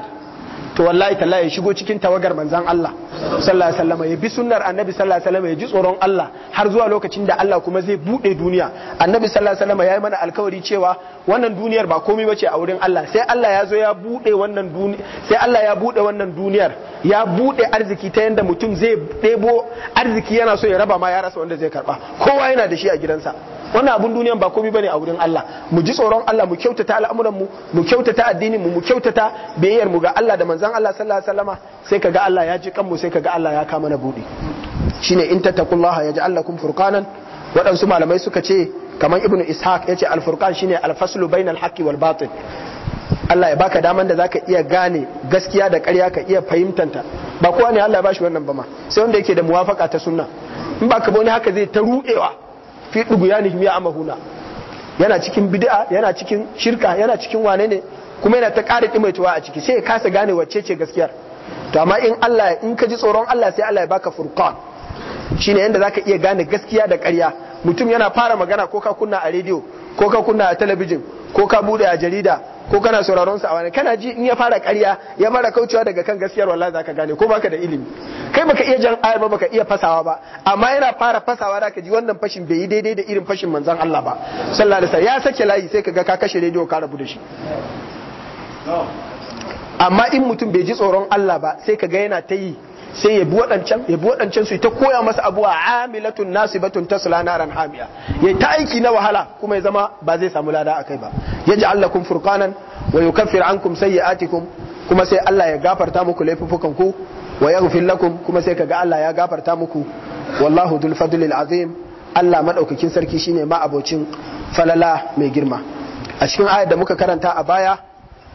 Speaker 1: to wallahi talla ya shigo cikin tawagar manzan Allah sallallahu alaihi wasallam ya bi sunnar annabi sallallahu alaihi wasallam ya ji tsoron Allah har zuwa lokacin da Allah kuma zai bude duniya annabi sallallahu alaihi wasallam ya yi mana alkawari cewa wannan duniyar ba komai bace a wurin Allah sai Allah ya zo ya bude wannan duniya sai Allah ya bude wannan duniyar ya bude arziki ta yanda mutum zai debo arziki yana so ya raba ma ya rasa wanda zai karba kowa yana da shi a gidansa wannan abun duniyan ba komai bane a wurin Allah mu ji tsoron Allah mu kyautata al'amuran mu mu kyautata addinin mu mu kyautata biyayyar mu ga Allah da manzon Allah sallallahu alaihi wasallama sai kaga Allah ya ji kan mu sai kaga Allah ya kama na bude shine in tattaqullaha yaj'al lakum furqanan waɗansu malamai suka ce kamar ibnu ishaq yace al-furqan shine al-faslu bainal haqqi wal batil Allah ya baka daman da zaka iya gane gaskiya da ƙarya ka iya fahimtanta ba kowa ne Allah ya bashi wannan ba ma sai wanda yake da muwafaka ta sunna in baka ba wani haka zai ta ruɗewa fi duguyanihim ya amahuna yana cikin bid'a yana cikin shirka yana cikin wane ne kuma yana ta ƙara ɗimaitowa a ciki sai ya kasa gane wacce ce gaskiyar to amma in Allah in ka ji tsoron Allah sai Allah ya baka furqan shine yanda zaka iya gane gaskiya da ƙarya mutum yana fara magana ko ka kunna a rediyo ko ka kunna a talabijin ko ka bude a jarida ko kana sauraron sa a wani kana ji in ya fara ƙarya ya fara kaucewa daga kan gaskiyar wallahi zaka gane ko baka da ilimi kai baka iya jan ayar ba baka iya fasawa ba amma yana fara fasawa ka ji wannan fashin bai yi daidai da irin fashin manzon Allah ba sallallahu alaihi wasallam ya sake layi sai kaga ka kashe rediyo ka rabu da shi amma in mutum bai ji tsoron Allah ba sai kaga yana ta yi sai ya bi waɗancan ya bi waɗancan su ta koya masa abuwa amilatun nasibatun tasla naran hamiya ya ta aiki na wahala kuma ya zama ba zai samu lada akai ba yaj'al lakum furqanan wa yukaffir ankum sayyi'atikum kuma sai Allah ya gafarta muku laifukan ku wa yaghfir lakum kuma sai kaga Allah ya gafarta muku wallahu dhul fadli azim Allah madaukakin sarki shine ma abocin falala mai girma a cikin ayar da muka karanta a baya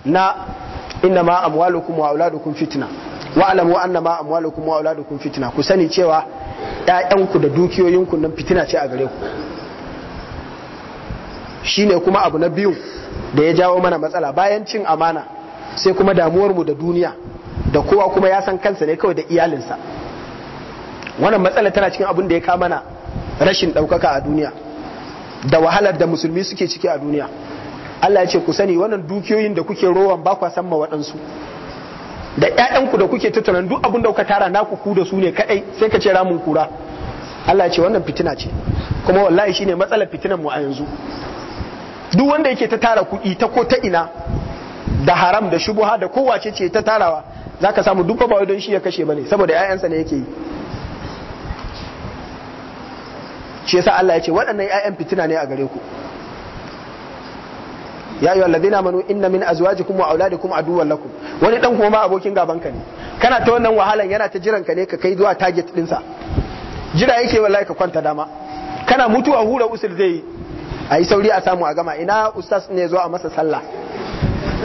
Speaker 1: na inna ma amwalukum wa auladukum fitna wa'lamu wa annama amwalukum wa auladukum fitna ku sani cewa ƴaƴanku da dukiyoyinku nan fitina ce a gare ku shine kuma abu na biyu da ya jawo mana matsala bayan cin amana sai kuma damuwar mu da duniya da kowa kuma ya san kansa ne kawai da iyalinsa wannan matsala tana cikin abin da ya kama na rashin ɗaukaka a duniya da wahalar da musulmi suke ciki a duniya Allah ya ce ku sani wannan dukiyoyin da kuke rowan ba kwa san ma waɗansu da ƴaƴanku da kuke tattara duk abin da kuka tara naku ku da su ne kadai sai ka ce ramin kura Allah ya ce wannan fitina ce kuma wallahi shine matsalar fitinan mu a yanzu duk wanda yake ta tara kuɗi ta ko ta ina da haram da shubuha da kowace ce ta tarawa zaka samu duk ba don shi ya kashe bane saboda ƴaƴansa ne yake yi shi yasa Allah ya ce waɗannan ƴaƴan fitina ne a gare ku ya ayyuhal ladina amanu inna min azwajikum wa kuma aduwwan lakum wani dan kuma ma abokin gaban ka ne kana ta wannan wahalan yana ta jiran ka ne ka kai zuwa target din sa jira yake wallahi ka kwanta dama kana mutuwa hura usul zai yi ayi sauri a samu a gama ina ustaz ne zo a masa sallah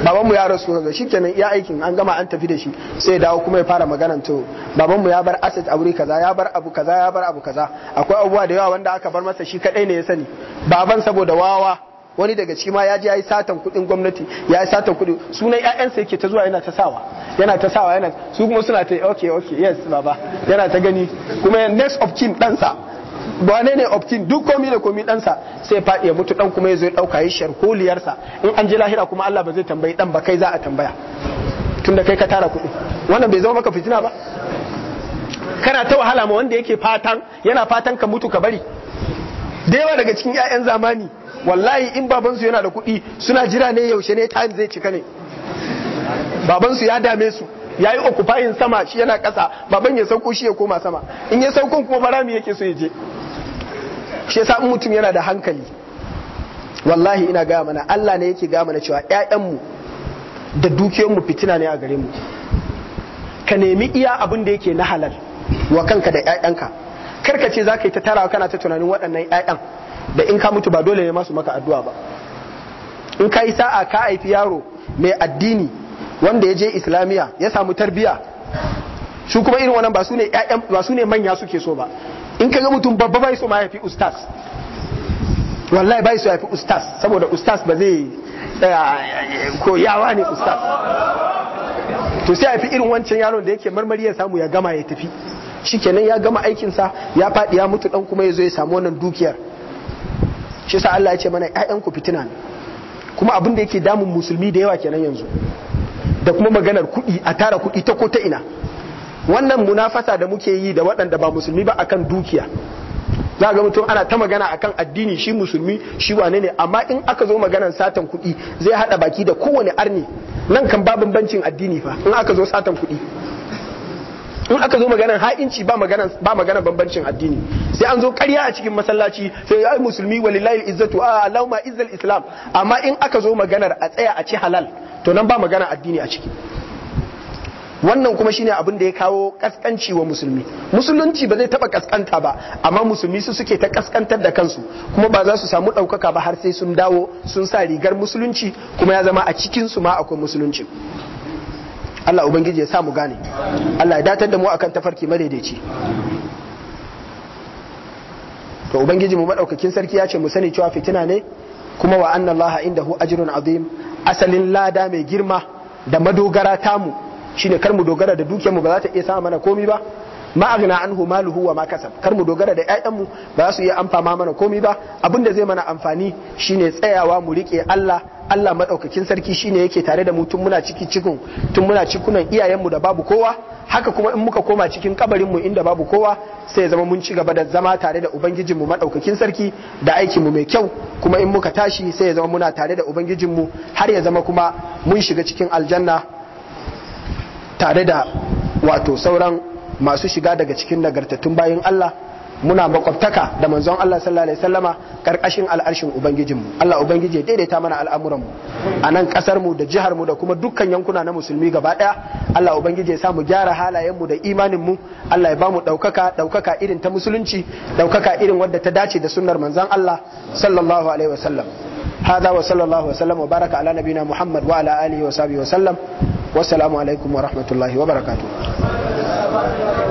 Speaker 1: babanmu ya rasu shi shikenan ya aikin an gama an tafi da shi sai dawo kuma ya fara maganan to babanmu ya bar asset a wuri kaza ya bar abu kaza ya bar abu kaza akwai abubuwa da yawa wanda aka bar masa shi kadai ne ya sani baban saboda wawa wani daga ciki ma ya je yayi satan kuɗin gwamnati ya yi satan kuɗi sunan 'ya'yansa yake ta zuwa yana ta sawa yana ta sawa yana su kuma suna ta okay okay yes baba yana ta gani kuma next of kin ɗansa ba ne ne of kin duk komi da komi ɗansa sai faɗi ya mutu ɗan kuma ya zo ya ɗauka ya sharholiyarsa in an ji lahira kuma Allah ba zai tambayi ɗan ba kai za a tambaya tun da kai ka tara kuɗi wannan bai zama maka fitina ba kana ta wahala ma wanda yake fatan yana fatan ka mutu ka bari da yawa daga cikin 'ya'yan zamani wallahi in babansu yana da kuɗi suna jira ne yaushe ne time zai cika ne babansu ya dame su ya yi occupying sama shi yana ƙasa baban ya sauko shi ya koma sama in ya sauko kuma barami yake so ya je shi ya in mutum yana da hankali wallahi ina gaya mana Allah ne yake gaya mana cewa ƴaƴanmu da dukiyoyinmu fitina ne a gare mu ka nemi iya abin da yake na halal wa kanka da ƴaƴanka ka ce za yi ta tarawa kana ta tunanin waɗannan ƴaƴan da in ka mutu ba dole ne masu maka addu'a ba in ka yi sa'a ka haifi yaro mai addini wanda ya je islamiya ya samu tarbiya su kuma irin wannan ba su ne ba su ne manya suke so ba in ka ga mutum babba bai so ma ya fi ustaz wallahi bai so ya fi ustaz saboda ustaz ba zai tsaya eh, koyawa ne ustaz to sai a fi irin wancan yaron da yake marmari ya samu ya gama ya tafi shikenan ya gama aikinsa ya faɗi ya mutu dan kuma ya zo ya samu wannan dukiyar shi yasa Allah ya ce mana ƴaƴanku fitina ne kuma abin da yake damun musulmi da yawa kenan yanzu da kuma maganar kuɗi a tara kuɗi ta ko ta ina wannan munafasa da muke yi da waɗanda ba musulmi ba akan dukiya za ga mutum ana ta magana akan addini shi musulmi shi wane ne amma in aka zo maganar satan kuɗi zai haɗa baki da kowane arni nan kan babin bancin addini fa in aka zo satan kuɗi in aka zo maganar ha'inci ba magana ba magana bambancin addini sai an zo ƙarya a cikin masallaci sai ai musulmi walillahi izzatu a allahumma izzal islam amma in aka zo maganar a tsaya a ci halal to nan ba magana addini a ciki wannan kuma shine abin da ya kawo kaskanci wa musulmi musulunci ba zai taba kaskanta ba amma musulmi su suke ta kaskantar da kansu kuma ba za su samu ɗaukaka ba har sai sun dawo sun sa rigar musulunci kuma ya zama a cikin su ma akwai musulunci Allah ubangiji ya samu gane Allah ya datar da mu akan tafarki madaidaici to ubangiji mu madaukakin sarki ya ce mu sani cewa fitina ne kuma wa anna Allah hu ajrun azim asalin lada mai girma da madogara tamu shine kar mu dogara da dukiyar mu ba za ta iya sa mana komi ba ma aghna anhu maluhu wa ma kasab kar mu dogara da ƴaƴan mu ba su iya amfama mana komai ba abinda zai mana amfani shine tsayawa mu rike Allah Allah madaukakin sarki shine yake tare da mu tun muna ciki cikin tun muna cikunan iyayen mu da babu kowa haka kuma in muka koma cikin kabarin mu inda babu kowa sai zama mun ci gaba da zama tare da ubangijin mu madaukakin sarki da aikin mu mai kyau kuma in muka tashi sai ya zama muna tare da ubangijin mu har ya zama kuma mun shiga cikin aljanna tare da wato sauran masu shiga daga cikin nagartattun bayan Allah muna makwabtaka da manzon Allah sallallahu alaihi wasallama karkashin al'arshin ubangijinmu Allah ubangiji ya daidaita mana al'amuranmu a nan kasar mu da jihar mu da kuma dukkan yankuna na musulmi gaba daya Allah ubangiji ya sa mu gyara halayen mu da imanin mu Allah ya bamu daukaka daukaka irin ta musulunci daukaka irin wadda ta dace da sunnar manzon Allah sallallahu alaihi wasallam هذا وصلى الله وسلم وبارك على نبينا محمد وعلى آله وصحبه وسلم والسلام عليكم ورحمة الله وبركاته